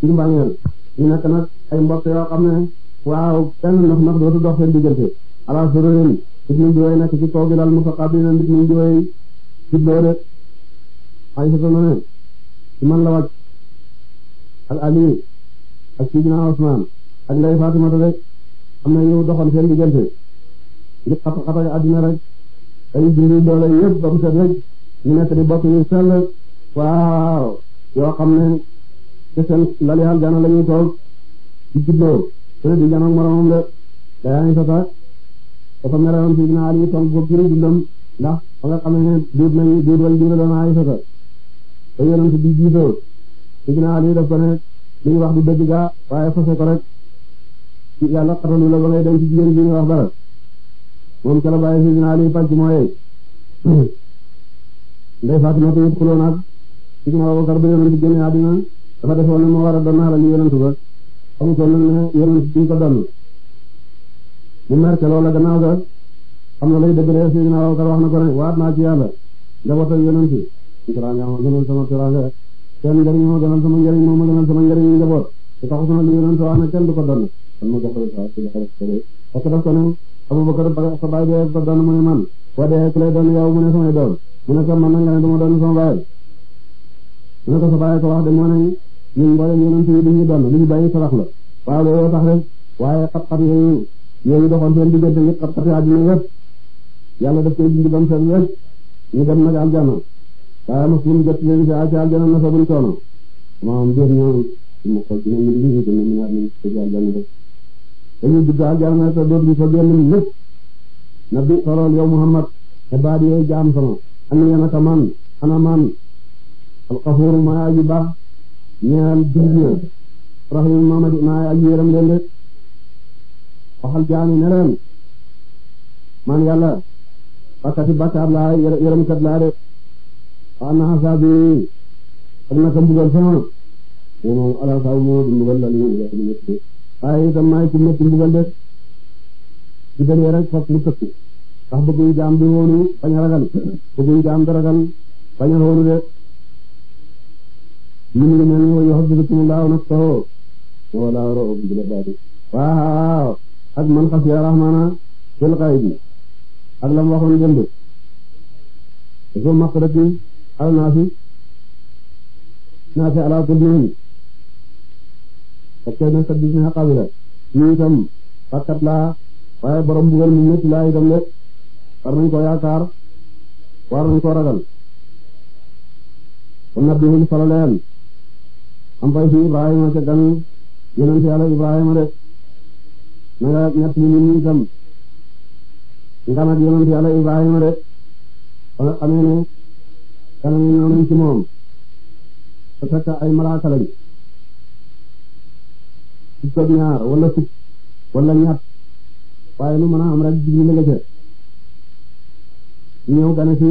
ci mbañeel ñu nekk nag ay mbokk yoo xam ne waaw benn ndox ndox dootu dox seen diggante ala sururin nit ñu jiwee nekk ci kaw gi daal mutaqabilin nit ñu jiwee jubloo de ay sa ne ci man la wàcc Ali ak Sidina Usman ak Ndey Fatimata rek am na yow doxoon seen diggante li xata xata addina rek ay jindi doole yëpp ba mu set rek ñu nekk di bokk yu sell waaw yoo xam ne te seen lali aljana la ñuy toog di jubloo te di janoog moromam de dayaani sata dafa merewoon si dina ali ton bopp jëri jullam ndax fa nga xam ne duut nañ duut wal jura doon ay sata te yonent bi jiitoo si dina ali daf ko ne li ñu wax du dëgg gaa waaye fase ko rek ci yàlla xatalu la ba ngay dem jigéen wax dara moom ca la bàyyi si dina ali pàcc mooyee ndey Fatimatu yëpp xuloo naag sidna Abubakar ba yonent génne àddina dafa defoon ne moo war a doon alal yi yonent ba xamutoon ne yonent duñ ko doon mu mer ca loola gannaaw ga xam na lay de sidna Abubakar wax na ko ne waat naa ci yàlla njabootu yonent teraanga ma gënal sama teraanga seen njëriñ ma gënal sama njëriñ moom ma gënal sama njëriñ njaboot te taxut na lu yonent wax ne kenn du ko doon kon ma jox ko saa si xarit xarit parce que daf ko ne Abubakar sa baay bi sama baay na ko sa bàyyi ko wax de moo nañ ñun mboolem yonent yi duñu doon lu ñu bàyyi sarax la waaw looloo tax rek waaye xat-xat yooyu yooyu doxoon seen diggante yëpp xat-xat yi àddina yëpp yàlla daf koy dindi ba mu set rek ñu dem nag aljana waaye mos ñu jot leen si na sa buñ coono maam biir ñoom mu xool ci ñu di ci ñu ñaar ñu ci aljana rek dañu dugg aljana te dootuñu fa génn lépp na bi sorool yow Muhammad te baat yooyu jaam sama ana yana ka man alxafuur mooy aji baax ñeel jullit rahim mamadi aji yërëm leen leen man yàlla bakkati bakkaat laa yërëmkat laa de wa anna xasaabi ak naka mbugal sama moom alaasaabu moo di mbugal la li waaye itam maay ku métti mbugal mu tëkku ndax bëgguñ jaam bi woonu bañ a ragal bëgguñ jaam bi ragal li mu ne ma yow bi ci mu laaw nag waroo bi la waaw ak man xasiya rahmaana fil xaybi ak la mu waxoon jënd dafa maq rek al naafi naafi ala kulli naam fekkee ne sabbi na qabila ñu itam fakkat laa waaye borom bugal mu métti laa itam rek war nañ ko yaakaar war nañ ko ragal kon nabbi hul am bay fi Ibrahima ca gan yonent yàlla Ibrahima de na nga ñett ñu nit ñi itam nga nag yàlla Ibrahima de ba nga xamee ne kanam ñëw ci moom te fekk ay malaaka lañ ñaar wala fukk wala ñett waaye lu mën a am rek Jibril la ca ñëw gane ci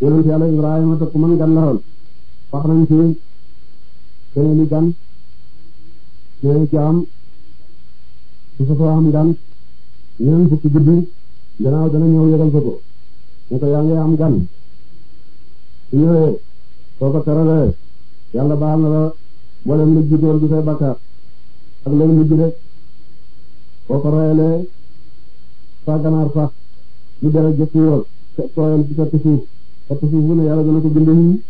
yonent Ibrahima te ku mën gan beneen gan ñooy jaam su fa foo xam gan ñeen fukki guddi gannaaw dana ñëw yëgal ko ko ne ko yaa ngi am gan su ñëwee soo ko teralee yàlla baal na la mboolem lu jiitoon ci say bakkaar ak loolu mujj rek boo ko royalee sa ganaar sax lu dara jëkk yool tooyal ci fett suuf fett suuf bu ne yàlla dana ko bind yi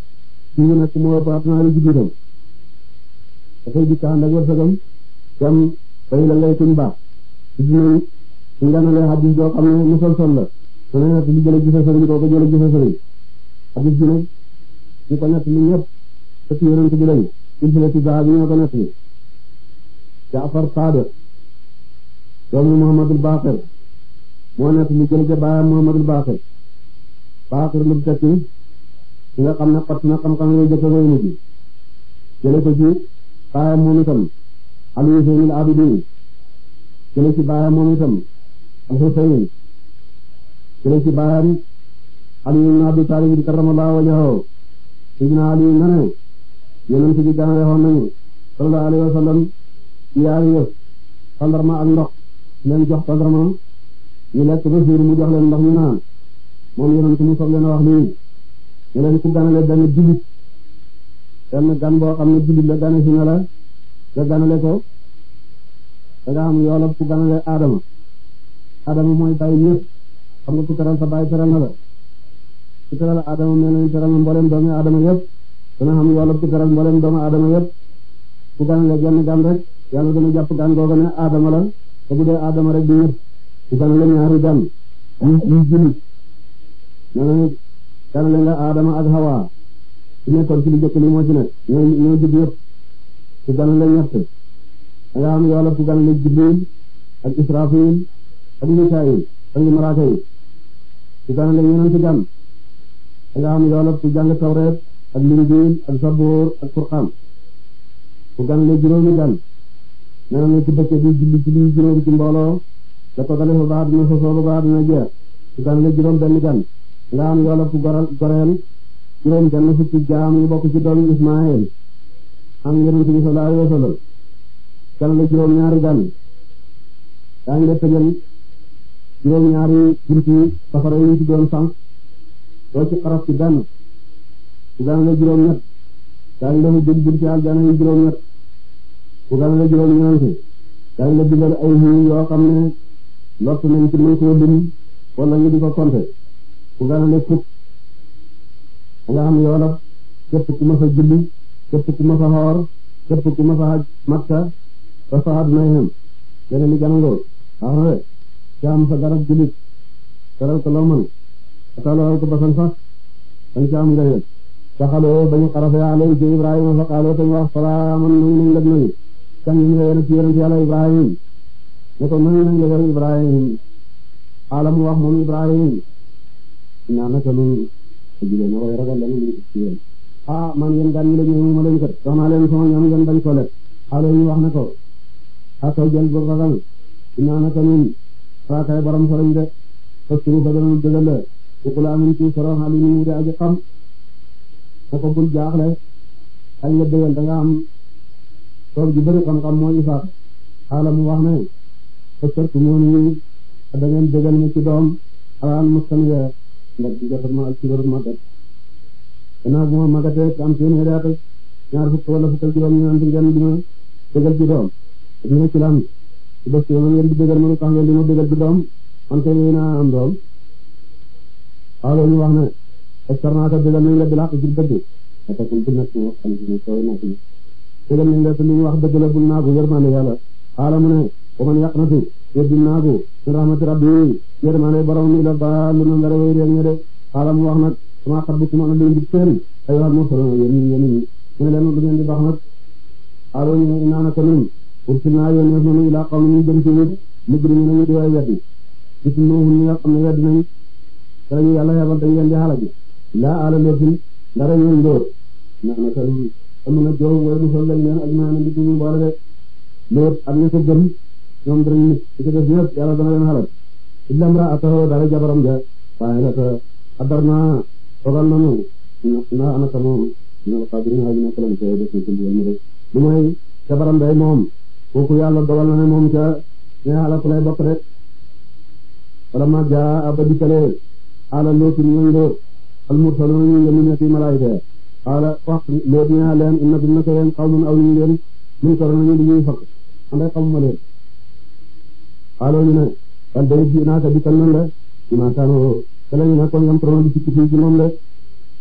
ci yu nekk moo baat naa lu jiitoon dafay dikk ànd ak wërsëgam tam tey la ngay tuñ baax gis nañ su nganalee xadis ne mosal sol la su ne nag li jële gise sëriñ kooku jële gise sëriñ xadis bi nag ñu ko nett li ñëpp sëti yonent bi lañ silsilati zahabi ñoo ko nett li Jaafar Saadiq doomu Muhammadul Baqir moo nett li jële ca baayam Muhammadul Baqir Baqir lu tekki nga xam ne xott na xam-xam yooyu jëkk a koy mujj jële ko ci baayam moom itam al Husaynul Abidin jële ci baayam moom itam al Husayn jële ci baayam Ali ibn Abi Talib karramallahu wajhahu sidina Ali na ne yonent bi ganale woon nañu sallallahu alayhi wa sallam yaari yëf tàndarma ak ndox leen jox tàndarma ñu lekk ba suur mu jox leen ndox ñu naan moom yonent mu soog leen wax nii ñu leen ku ganale benn jullit benn gan boo xam ne jullit la gane si na la ganale ko da nga xam yoolab ku ganale Adama mooy bàyyi ñëpp xam nga ku teral sa bàyyi teral na la ku teral Adama mel nañu teral na mboolem yëpp ku ganale genn gan rek yàlla dana jàpp gan googu ne Adama la te bu Adama rek du ñëpp ku ganale ñaari gan ñu jullit ganale nga Adama ak Hawa ci nekkoon ci lu jëkk li moo ci ne ñoo ñoo jub yëpp ku gana ñett da nga am yoola ku gana la jibril ak israfil ak mikail ak malaaka yi ku gana la gan da nga am yoola ku jàng tawreet ak linjiil ak saboor ak furqaan ku gana la juróomi gan nee na ci bëccëg bi julli julli juróom ci mbooloo da ko dale fa baa dina ba baa dina jeex ku gana la juróom benn gan nga am yoola ku goreel juróom benn fukki jaam yu bokk ci doom Ismaayil am yonent bi sallallahu alayhi wa sallam gan la juróom ñaari gan daañu la tëjal juróom ñaari bunti safara yi ñu ci doon sànq doo ci xarab ci benn bu gan la juróom ñett daañu la jël bunti aljana juróom ñeent daañu la ay xiw yoo xam ne lott nañ ci mën koo lim di ko compter bu gan la nga xam yoola képp ku mas a julli képp ku ma a xoor képp ku mas a xaj makka ba sa àdduna yem yene li ganangool axre caam sa garab jullit teral ko loo mën atalowal ko basan sax dañ caam ganeel saxaloo bañu xarafee alay ci ibrahima fa xaaloo tañ wax salaaman nañ nañ lëg nañu ñu ñëwee ci yonent yàlla ibrahim ne ko nañ nañ lëgal ibrahim xaala mu wax moom ibrahim naa naka lu te jigéen ma way ragal la ñu ngi ci yéen ah man yéen daan ma leen kat wax leen ko lekk xale ñu wax na ko aka jël bu ragal dinaa naka ñun faakay borom soloñ de parce que fa dana dëgal la ukulaa mun ci soro xali ni mu di aji xam ko ko bul jaaxle xañ la dëgal da nga am toog ju bëri xam-xam moo ñu faat xaala mu wax ne parce que moom da ngeen ci doom xalaal mustan weer ak jotam ak kibaru màggat gannaaw bu ma màggatee am téeméeri at ak ñaar fukk wala fukk ak juróom-ñeent ngeen di ma dëggal ci doom dina ci lam ci bés yooyu ngeen di dëggal ma tax ngeen di ma dëggal ci doom man kay may naa am doom waaw loolu ñu wax ne expert naa ko dëggal nañ la bilaq ci dëgg parce que bu nekk wax xam ne sooy nekk dëggal nañ la te li ñu wax dëgg la bu naa bu yërmande yàlla xaala mu ne bu man yàq na tuuti weddi naa min rahmati rabbi yërmaane borom mi la daalluuna dara way réer ña de xaala mu wax nag sama xar bu ci mën a leen di seen ay wax moo solo yéen ñi yéen ñi mu ne leen lu ngeen di baax nag xaalo ñu ne naa naka nun ursilnaa yónneef nañu ilaa qawmin ñu jëm ci nit mujrimiin nañu di way weddi gis noohun ñi nga xam ne weddi nañ te lañu yàlla yebal dañ leen di xalak laa ala lootin dara ñooñ dóor naa naka nun amun a joow way musal lañ leen ak maanaam di ñu boole de loot am na ñoom danañ mucc li ci des ñëpp yàlla dana leen xalaat illa imra'atahu dara jabaram ja waaye nag adarna sogal nañu na moom ñoo xabirin xaj nekk lañ koy def ci mbugal lu mooy jabaram day moom kooku yàlla dogal na moom ca ne xalaat lay bokk rek wala ma jaa aba dikkalee ala lootu ñoom loo al mursaluna ñu ngi leen ci malaayika ala wax loot ñaa leen inna bi naka leen aw ñu ngeen mun ko nañu li ñuy fakk anday xamuma leen xaaloo ñu ne xal day ji naaka dikkal nan la ci maakaanoo te lañu bi ci ci moom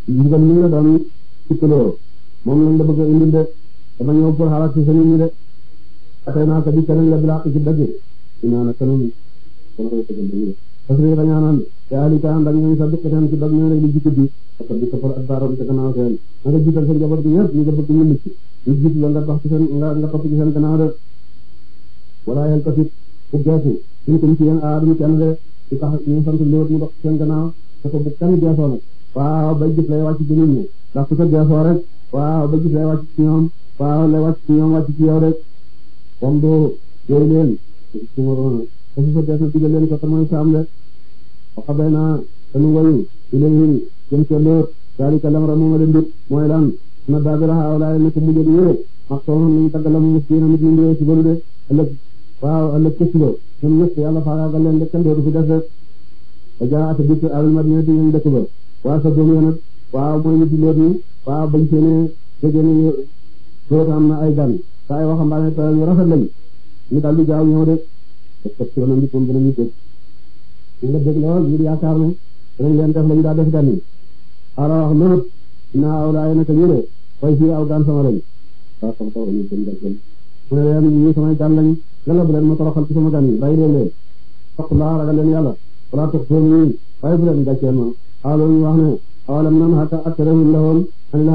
ñu la daan sikkaloo moom la bëgg a indil de dama ñëw pour sa nit ñi de atay naaka dikkal nañ la bilaa ci dëgg dinaa na kanam parce que dañaanaan te alika ànd ak ñoom sa dëkk seen ci dog ñoo rek di jikko bi parce que di toppal ak baaroom sa seen nga jiital sa nga bëgg ñu la nga dox ci seen nga nga topp ci seen gannaaw de wala yel ko fit ubbeeku suñ ko ci yéen aadama kenn de di tax ñu sant léwat mu dox seen gannaaw te ko bu kenn geesoo nag waaw bay gis lay wàcc ci nit ñi ndax ku ko geesoo rek waaw bay lay wàcc ci ñoom waaw lay wàcc ci ñoom wàcc ci yow rek comme doo leen sumarona su fa gees na digal leen ko te mooy saam de waxa bay naa tanu wayu ilayhi jëm ca léwat dalika lamra mooma de mbir mooy lan na daabira haawlaay ne ko mujjëg si balu de ëllëg waaw ëllëg ca suba ñoom ñëpp yàlla faagaagal leen kenn dootu fi des rek te jaaraate bi alal madinati ñoom dëkk ba waaw sa doom nag waaw mooy nit loot ñi waaw bañ seenee déggee nañu sóot am na ay gan sa ay waxambaane te ñu rafet lañ ñu daal di gaaw ñëw de te teg ci wàllum comme dinañu dégg ñu nga dégg lool yaakaar ne dinañ leen def lañu daal def gan yi alors wax lépp naa aw laay naka ñu ne fay fii aw gan sama lañ waaw sama kaw ñu gën def gan mu gan lañ yàlla bu leen ma toroxal ci sama gan yi bàyyi leen leen toq laa ragal leen yàlla walaa toq sooni bàyyi bu leen gàcceel ma xaaloon ñu wax ne awalam nan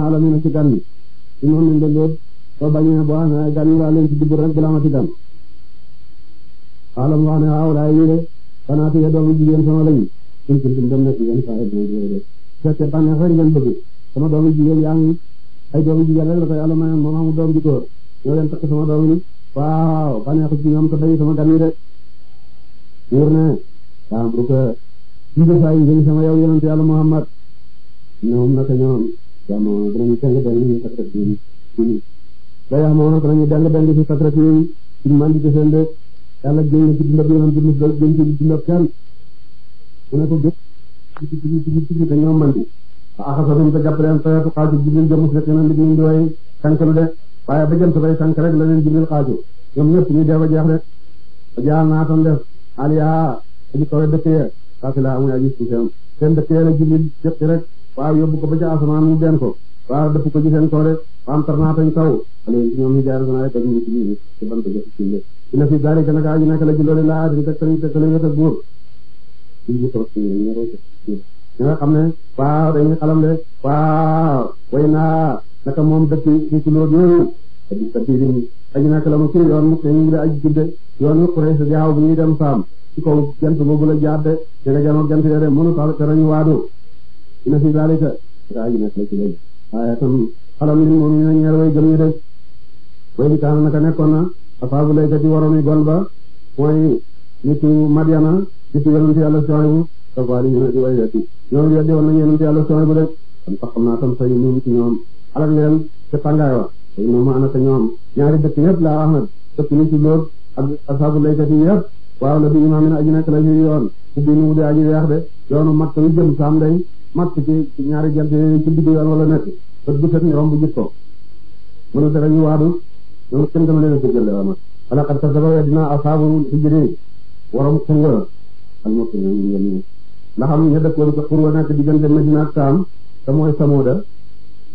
alamina ci gan yi ci moom nañ dëlléet ba bañee boo xam ne gan yi laa leen ci dugg rek ci gan xaalam wax ne awlaay yi de banaatu ya doomu jigéen sama lañu um kuntum dem nekk ngeen faye de fekke bànneex rek ngeen bëgg sama doomu jigéen yaa ngi ay doomu jigéen rek la doom ji góor ñoo leen takk sama doomu waaw bànneexu ci ñoom ko dañu sama gan de wóor ne daa bu ko digasaay ngeen sama yow yonent yàlla Muhammad ñoom naka ñoom jamono dinañu jàng deng ñu sakrat yi ci day xamoo nag nañu jàng deng ci sakrat yi ci man di seen de yàlla gën na ci dundab yonent bi gën ci dundab kenn mu ne ko gën ci ci ci ci te ñoom man di axasatum te jàpp waaye ba jant bay sank rek la leen jibril xaaju ñoom ñëpp ñu de ba jeex rek ba naa tam def aliyaa aji kawe dëkk yee xaafilaa amuy aji seen seen dëkk yee la ko ba ca asamaan mu benn ko waaw dëpp ko ci seen kaw rek faam tar naa tañ kaw ale ñoom hijaara sanaa rek aji jibril ci ban ko jëf kaa ji nekk la jullooli laa atin teg tani teg tani wet ak buur ñu nga xam ne waaw dañuy xalam de waaw way naa naka moom dëkk yi ci loolu la ma kii yoon mu xëy la aji tudde yoonu bu ñuy dem saam ci boobu la jaar da nga jàmm ak jant yore mënu taal te nañu waadu ina fi dalika la li moom ñu ne ñeer way gëm ñu def way bi taan naka nekkoon na afaabu layka ci waromi gol ba mooy nitu Madiana nitu yonente yàlla Suhaybu safali ñu ne di way weti ñoom weddi woon nañu yonente yàlla Suhaybu rek kon tax xam naa tam sañ ci ñoom alal leen ca tàngaay wa no ma ana ta ñoom ñaari dëkk yëpp la ahmad dëkk ni ci lóor ak asaabu laykat yi yëpp waaw la bi imaam ina aji nekk la ci yoon ci biir mu di aji weex de yoonu matt yu jëm saam day matt ci ñaari jant yooyu ci digg yoon wala nekk bët bu set ñu romb jik ko mën a dara ñu waadu ñoom kenn dama leen a dëggal ahmad wala xat kasaba weddina asaabu hijri warom xunga al mokk ndax am ña dëkkoon ca xurwa nekk diggante Madina ak Saam te mooy Samuda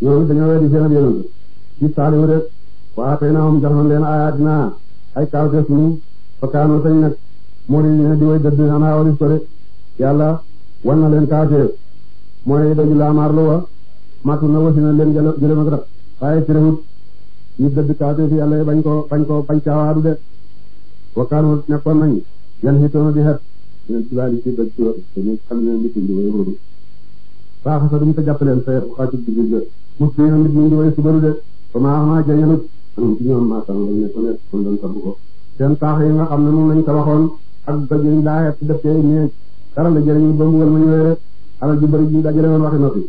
ñooñu dañoo weddi seen ab yonent ci saaliwu rek waa tey naa moom jox nañ leen ayaatina ay kawte suñu fa kaanu sañ nag moo di ne di way dëdd anaa ko de yàlla wa na leen kawteef mooy dañu laamaarlu wa matu na wasi na leen jëlem ak rab waaye terewut ñu dëdd kawteef yàlla yi bañ ko bañ ko bañ caawaadu de wa kaanu nekkoon nañ yan xitoona di xet ñen ci bali ci dëj xam ne mbitindi way xóoru baaxa sa dumu ta jàppaleen sa xaajub digg suuf si yéen nit ñi ñu wéy ba maa xam ne jañalut ñoom maa xam ne dañ ne kon doon tabu ko seen yi nga xam ne moom lañ tabaxoon ak doj yi laaxee ci def ci ay néeg dara la jëriñu ba mu wël ma ñëwee rek woon waxi noppi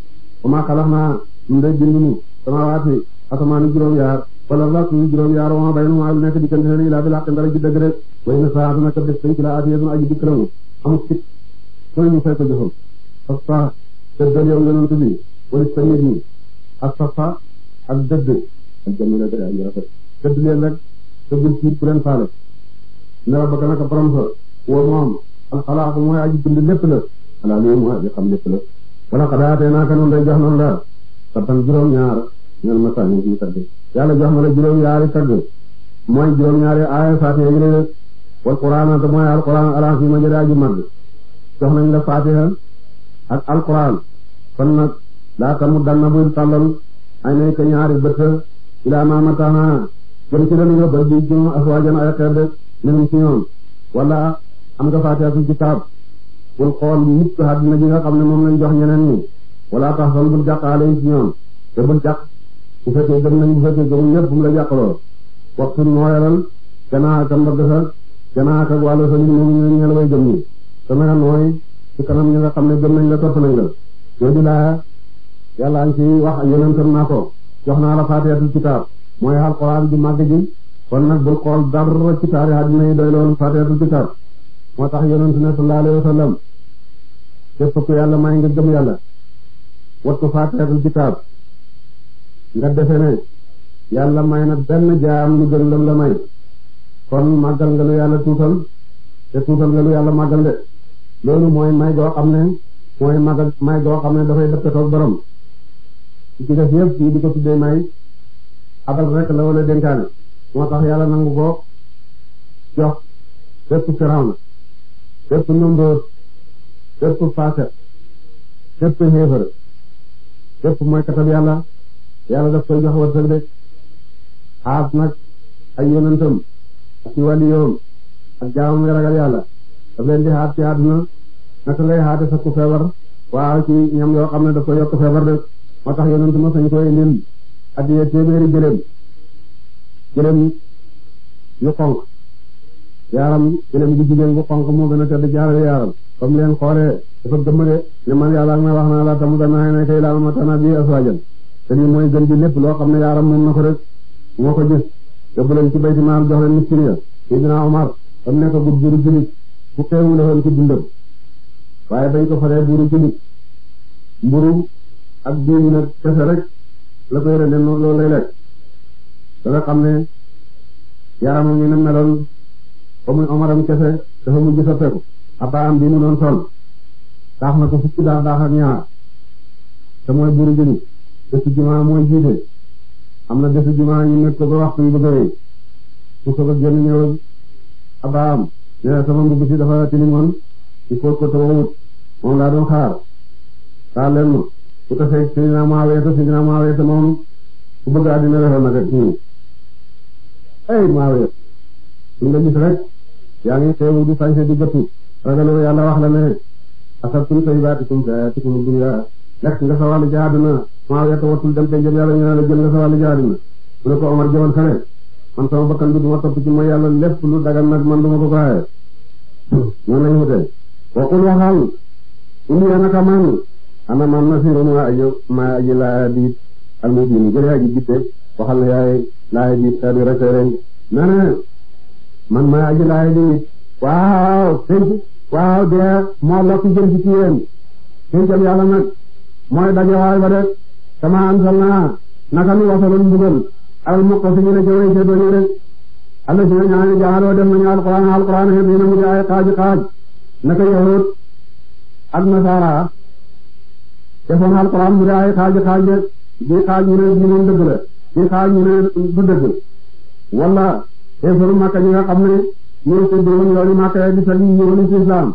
ba maa xalax naa mu de bind mu sama waati asamaani juróom-yaar wala la suñu juróom-yaar wama bay numaa lu nekk bi làq ndara ji dëgg rek way na saa dina ko def la aati aji dikk la mu amul fit sooy ñu fay ko bi wala ak safa ak dëdd ak jamono bi daal ñu rafet dëdd leen rek te bul tiit ku leen faale nela ba naka borom sa woo moom alxalaaq mooy aji bind lépp la alaa lii mooy aji xam lépp la wala xadaatee naaka noonu day jox noonu la sabtan juróom-ñaar ñoon ma sànni ci tagg yàlla jox na la juróom-ñaari tagg mooy juróom-ñaari aaya faatiha yi la wal quraan te mooy alquran ala fi ma jëre aji mag jox nañ la faatiha ak alquran kon nag laata mu dal na muy tàllal ay nay ka ñaari bët ilaa maamataana jëm ci lañu nga bër bi ci ñoom aswaajan ay xeet de minum ci ñoom wala am nga faatihatul kitaab bul xool nit ko àddina ji nga xam ne moom lañ jox ñenen ñi wala taxsan bul jàq alay ci ñoom te bul jàq bu fekkee gëm nañ bu fekkee gëmul ñëpp bu mu la jàqaloo waxtu nooyalal ganaa ak mbagg sa ganaa ak wàllu sa ñun moom ñu ñeel way gëm ñi te naka nooy ci kanam ñi nga xam ne gëm nañ la topp nañ la yooyu laa yàlla ngi ci wax yonentam naa ko jox naa la faatihatul kitaab mooy alxuraan ju màgg ji kon nag bul xool dara ci taari àddina yi doy loolu faatihatul kitaab moo tax yonent ne sallallahu alayhi wa sallam képp ku yàlla may nga gëm yàlla wattu faatihatul kitaab nga defe ne yàlla may na benn jaam lu gën lam la may kon màggal nga lu yàlla tuutal te tuutal nga lu yàlla màggal de loolu mooy may goo xam ne mooy màggal may goo xam ne dafay dëppatoog borom ci ci def yëpp ñu di ko abal rek la wala dénkaane moo tax yàlla nangu ko jox bépp firawna bépp nombor bépp faset bépp xéefar bépp mooy katab yàlla yàlla daf koy jox wërsëg de xaas nag ay ak ci waliyoom ak jaamam yi ragal yàlla daf leen di xaat ci àdduna naka lay xaate sakku feebar waaw ci ñam yoo xam ne daf koy yokk feebar de moo tax yonent ma sañ koy indil addiya téeméeri gëléem gëléem yu xonq yaaram gëléem gi jigéen bu xonq moo gën a tedd jaarale yaaram comme leen xoolee dafa gëmm de ne man na wax naa la tamu gannaaxee ne kay laal ma tana bi aswajan te ni mooy gën ji lépp loo xam ne yaaram moom na ko rek moo ko gis yóbbu leen ci bayti maal jox leen miskin ya Seydina Omar ba mu nekk gud buuru jullit ku xeewule woon ci dundam waaye bañ ko falee buuru jullit mburu ak diini nag kese rek la koy rende noonu loolu lay lekk da xam ne yaramam yi na meloon ba muy omaram kese dafa mujj soppeeku abbaayam bi mu doon sol daax na ko fukki daax daax ak ñaar te mooy buru jumaa mooy jiite am na bésu jumaa ñu nekk ko ba waxtu yu bëgg a yëy mu soog a génn ñëw abbaayam nee sama mbubb si dafa tilimoon il faut que te wowut moom laa doon xaar saa leen su ko fekk si dina maaweesa si dina maaweesa moom ku bëgg àddina weexoon na rek ñun ay maawees ñu nga gis rek yaa ngi xeewu di sañse di gëttu ragaloo yàlla wax la ne asabtum sayyi'aatikum fi hayaatikum dunya lekk nga sa wàllu ja àddina maaweesa watul dem te jëm yàlla ñu la jël nga sa wàllu ja mu ne ko Omar jëwal fële man sama bakkan bi duma topp ci mooy yàlla lépp lu nag man duma ko ko aaye ñoo nañu wute waxul waxal indi yaa naka man ana man nasiru ma aji ma aji laa biit al mubin gën a aji gitte waxal na yaay laa biit kàddu rëccërëñ man ma aji laa biit waaw waaw de moo lokk jëm ci ci yéen sëñam yàlla mooy dajewaay ba de sama ansal naa naka nu wasaloon mbugal al muqsimin a jawee see doñu rek si na ñaani jaaloo def nañu alquran alquran xeet yi na mu di ay xaaji xaaj naka yahut ak nasara defoon alxuraan bu dee ay xaaj xaaj rek xaaj ñu ne moom dëgg la bii xaaj ñu ne du dëgg wala xeefaru Makka ñi nga xam ne ñoo tëddoon yoonu Makka di sali ñëwoon ci islam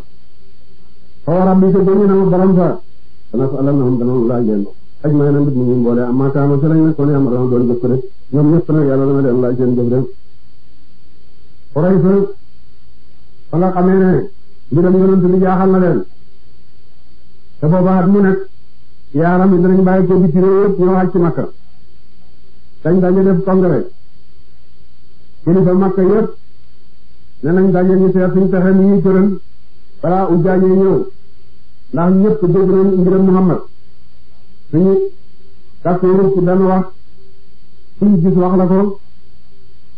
xaw rabbi ko jënd na ma borom fa dana fa alal na xam dana ma laaj leen aj may na mbit mu ñu boole am maaka ma selañ nag kon yàlla dama doon jëf ko rek ñoom ñëpp nag yàlla dama leen laaj seen jëf rek xoray fa fa nga xamee ne mbiram yonent bi jaaxal na leen te booba at yaaram yi danañ bàyyi ko biti réew yëpp ñëwaat ci makka dañ daje def congrès kilifa makka yëpp ne nañ daje ñu seet suñ pexe mi ñuy tëral balaa ujjaañee ñëw ndax ñëpp dégg nañ ngiram Muhammad suñu d'accord ci benn wax suñu gis wax la ko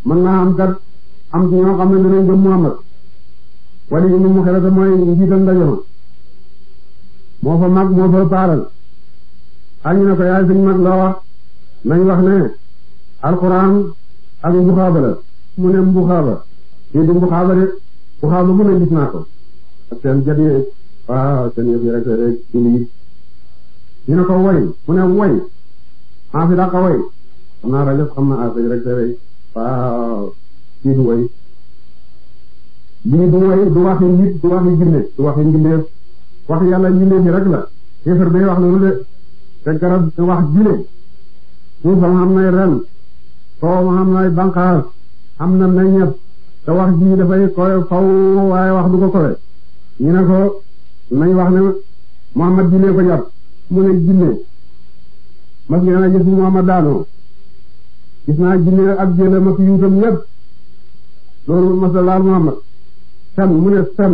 mën naa am kat am ci ñoo xam ne danañ gëm Muhammad wala ñu mu xelata mooy njiital ndaje ma moo fa mag moo fa paaral ak ñu ne ko yaay sëñ mat loo nañ wax ne alxuraan ak mbuxaaba la mu ne mbuxaaba kii du mbuxaaba mu ne gis naa ko seen jat yi waaw seen yëf yi rek rek ci lii ñu ko woy mu ne woy maa fi daa ko woy xam naa rajab xam naa asaj rek du woy lii du du waxi nit du waxi jinne du waxi jindeef wax yàlla jindeef yi rek la kéefar de te garab wax jile suufam xam nay ren kawam xam nay banqaas xam na meññet te wax ji dafay kowe faw wax du ko kowe ñu ne ko nañ wax ne Muhammad jinne ko jàpp mu ne jinne mas ngeen a gis Muhammad daanoo gis naa jinne ak jële mas yuutam yépp loolu mas la laal Muhammad fen mu ne fen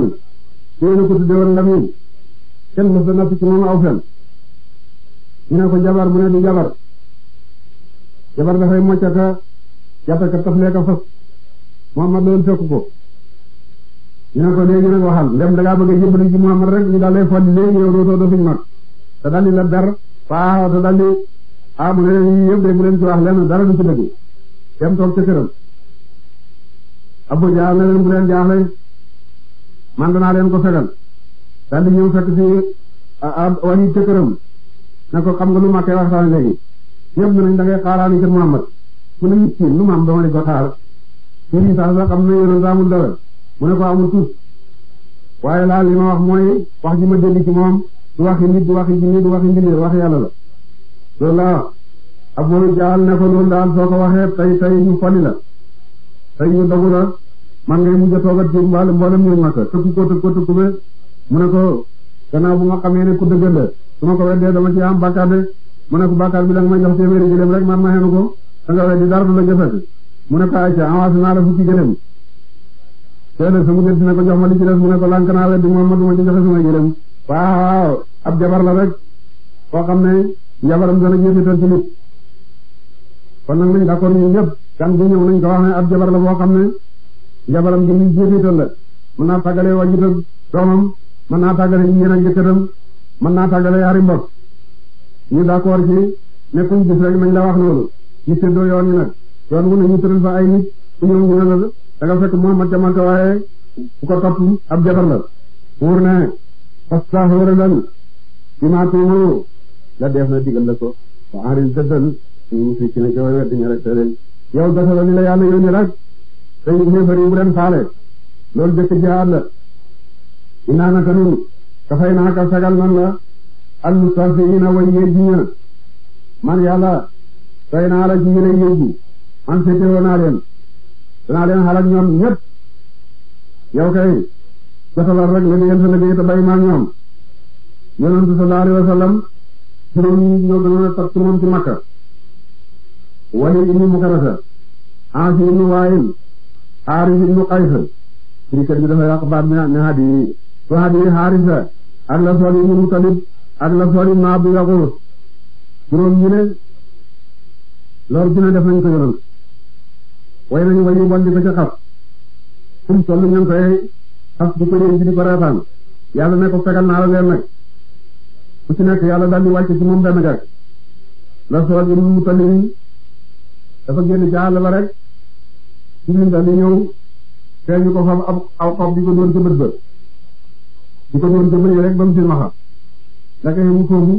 yooyu ne ko tudde woon lamin kenn mas la natt ci moom aw fen ñu ne ko jabar mu ne du jabar jabar dafay moccata jàppeka taf leeka fas Muhammad loolu fekk ko ñu ne ko léegi nag waxal ndem da ngaa bëgg a jëbali ci Muhammad rek ñu daal lay folli léegi yow dootoo dafiñ mag te daldi la dar faa te daldi ah mu ne leen yëpp de bu leen ci wax lenn dara du ci dëgg dem toog ca këram Abu Jahl ne leen bu man danaa leen ko fegal daldi ñëw fekk ci a ah, ah, wàññi ca këram na ko xam nga lu ma koy waxtaan léegi ñëpp na nañ da ngay xaaraan kër Muhammad mu ne it lu ma am dama di ko xaar kër yi sax sax xam ne yonent amul dara mu ne ko amul tuut waaye laal li ma wax mooy wax ji ma dégg ci moom du waxi nit i waxi jinne du waxi mbindeef wax yàlla la loolu laa Abu Jahl ne ko loolu daal soo ko waxee tey tey ñu fali la tey ñu man ngay mujj a toog a jiw mbaale mboolem ñu ma ko tëkku be mu ne ko bu ma xamee su ma ko weddee dama ci am bàkkaar de mu ne ko bàkkaar bi da nga may jox téeméeri gëlëm rek man ma xenu ko da weddi dara la jëfati mu ne ko ayca avancé naa la fukki gëlëm teelé sama gën dina ko jox ma li ci mu ne ko lànk naa weddi moom ma du ma ci joxe waaw ab jabar rek koo xam ne njabaram dana jëfitoon ci nit kon nag nañ d'accord ñun ñëpp gan gi ñëw nañ ko wax ne ab jabar boo xam ne njabaram gi ñu jëfitoon la mën mën naa tàggale yaari mbokk ñu d'accord ci ne kuñ gis rek la wax loolu ñu séddoo yoon yi nag yoon wu ne ñu tëral fa ay nit ku ñëw ñu ne la da nga fekk Muhammad ca Makka waaye bu ko topp ab jabar la pour ne fastaxira lan ci maa tuumu la def na digal la ko wa enril dëddal ñu musiki ne koy weddi ñu rek te leen yow dasa la ni la yàlla yónni rek te ñu xéefar yi bu leen faale loolu jëkk jihaad la inaa naka nun dafay naaka sagal nan la al mustarfiina way yéegi ña man yàlla doy naa la ci yéen a yéegi man féetewoo naa leen danaa leen xalaat ñoom ñépp yow kay jotalal rek sa liggéey te bay maa ñoom yonent sallallahu alayhi wa sallam juróom ñi ñoo gënoon a tax ci moom ci makka Walid ibnu Mukarasa Aasi ibnu Waayil Haaris ibnu Qays firikat bi dafa yàq baat mi ne hadi waa bi Haarisa ak la sori mu ak la sori maa bu yàqu juróom yi ne loolu dina def nañ ko yoroon way yu bon di ko ca xas fu mu toll ñu ngi koy xas bu ko yéen ko reetaan yàlla ne ko fegal naa la leen nag ku ci nekk yàlla daal di wàcc ci moom benn la sori mu Mutalib dafa génn ca àll rek ko ko doon ci bët su ko doon jëmale rek ba mu mu foofu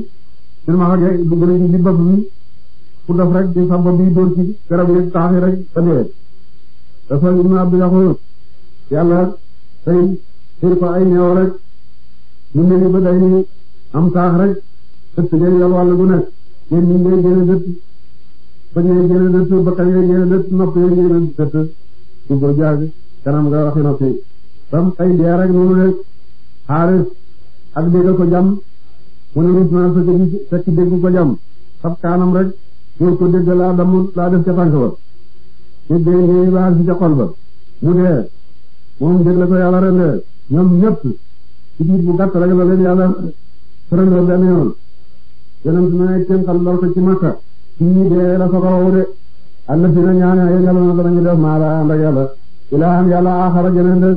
silmaxa ge lu gën a ji ci bopp bi rek di fa bopp bi ci garab yi taax yi rek ba dee dafa ibnu abdu yaxuur yàlla tey xiir ko ay taax rek dëtt ngay yor wàll gu nekk ñun ñu ngi lay a dëtt bañ lay gën a dëtt bakkan lay gën a dëtt nopp lay a dëtt jaag kanam nga waxi noppi ba mu xëy dee rek noonu rek xaalis ak déggal ko jàmm mu ne ruus naa sa fekk déggu ko jàmm sab kaanam rek dóor ko dégg laa damm laa def ca tànk ba te dégg ngay baal ca xol ba mu dee moom dégg la ko yàlla rendee ñoom ñëpp ci biir bu gàtt rek la leen yàlla rendee benn yoon yonent ne kenn xam dal ko ci makka ci ñi dee la soxlawu de àll fi na ñaane ay yàlla na danañu def maa la ànd yàlla ilaa am yàlla aaxara jeneen de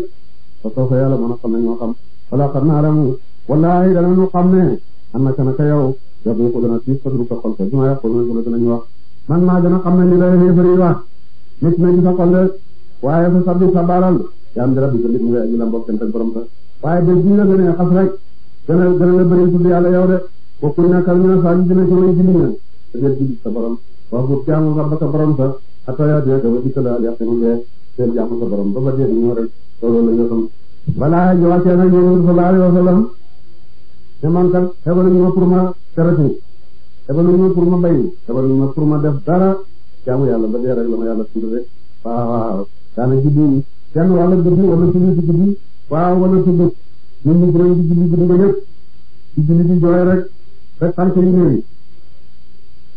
soo ko yàlla mën a xam nañoo xam wala xam naa alamu wallaahi dana nu xam ne na naka ko dana tiis sa xol ko ma yàqu ko danañ wax man maa gën a xam ne ni lay xeefari wax nit nañ sa xol de waaye fa sabbi sa baaral yaam dara bi sa nit nga la mbokk kenn borom sa waaye a rek gën a gën a la bëri tudd yàlla yow na dangeen julli sa borom wax bu jaamu rabbaka borom sa attayaat yee ka ba di sa laal yàq mu dee seen jaamu sa ba ba dee di ñëw rek balaa ñu wàccee nag yonent sallallahu alayhi wasallam ne man kat xebaluñu ma pour ma terati xebaluñu ma pour ma bay xebaluñu ma pour ma def dara jaamu yàlla ba dee rek la ma yàlla tudd rek waaw waaw daana guddi kenn wala guddi wala sulu si guddi waaw wala si bët ñun ñi dinañ di julli guddi ba yëpp di julli di jooy rek rek tànk yi néewi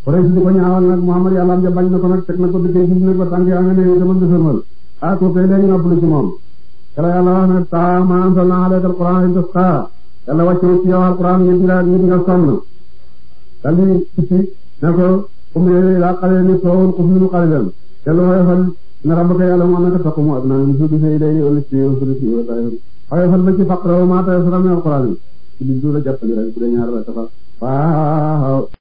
pare si di ko ñaawal nag Muhammad yàlla am ja bañ na ko nag teg na ko dëkkee gis na ko tànk yaa nga néewi dama defarmal ah koo koy léegi noppalu ci moom kala yàlla wax ne taa ma anzalna alayka alquran litasqa yàlla wàcce ci yow alquran ngir di la ngir di nga sonn dal di tukki ne ko um yooyu laa xale ni soowul ko suñu xalilan te lu woyofal ne rabbaka yàlla mu annaka taqumu adnaa min sudusi ilayni wala si yow sudusi yow dayoon woyofal la ci faqra maa tayassara min alquran yi ci li du la jàppale rek bu dee ñaar la tafal waaw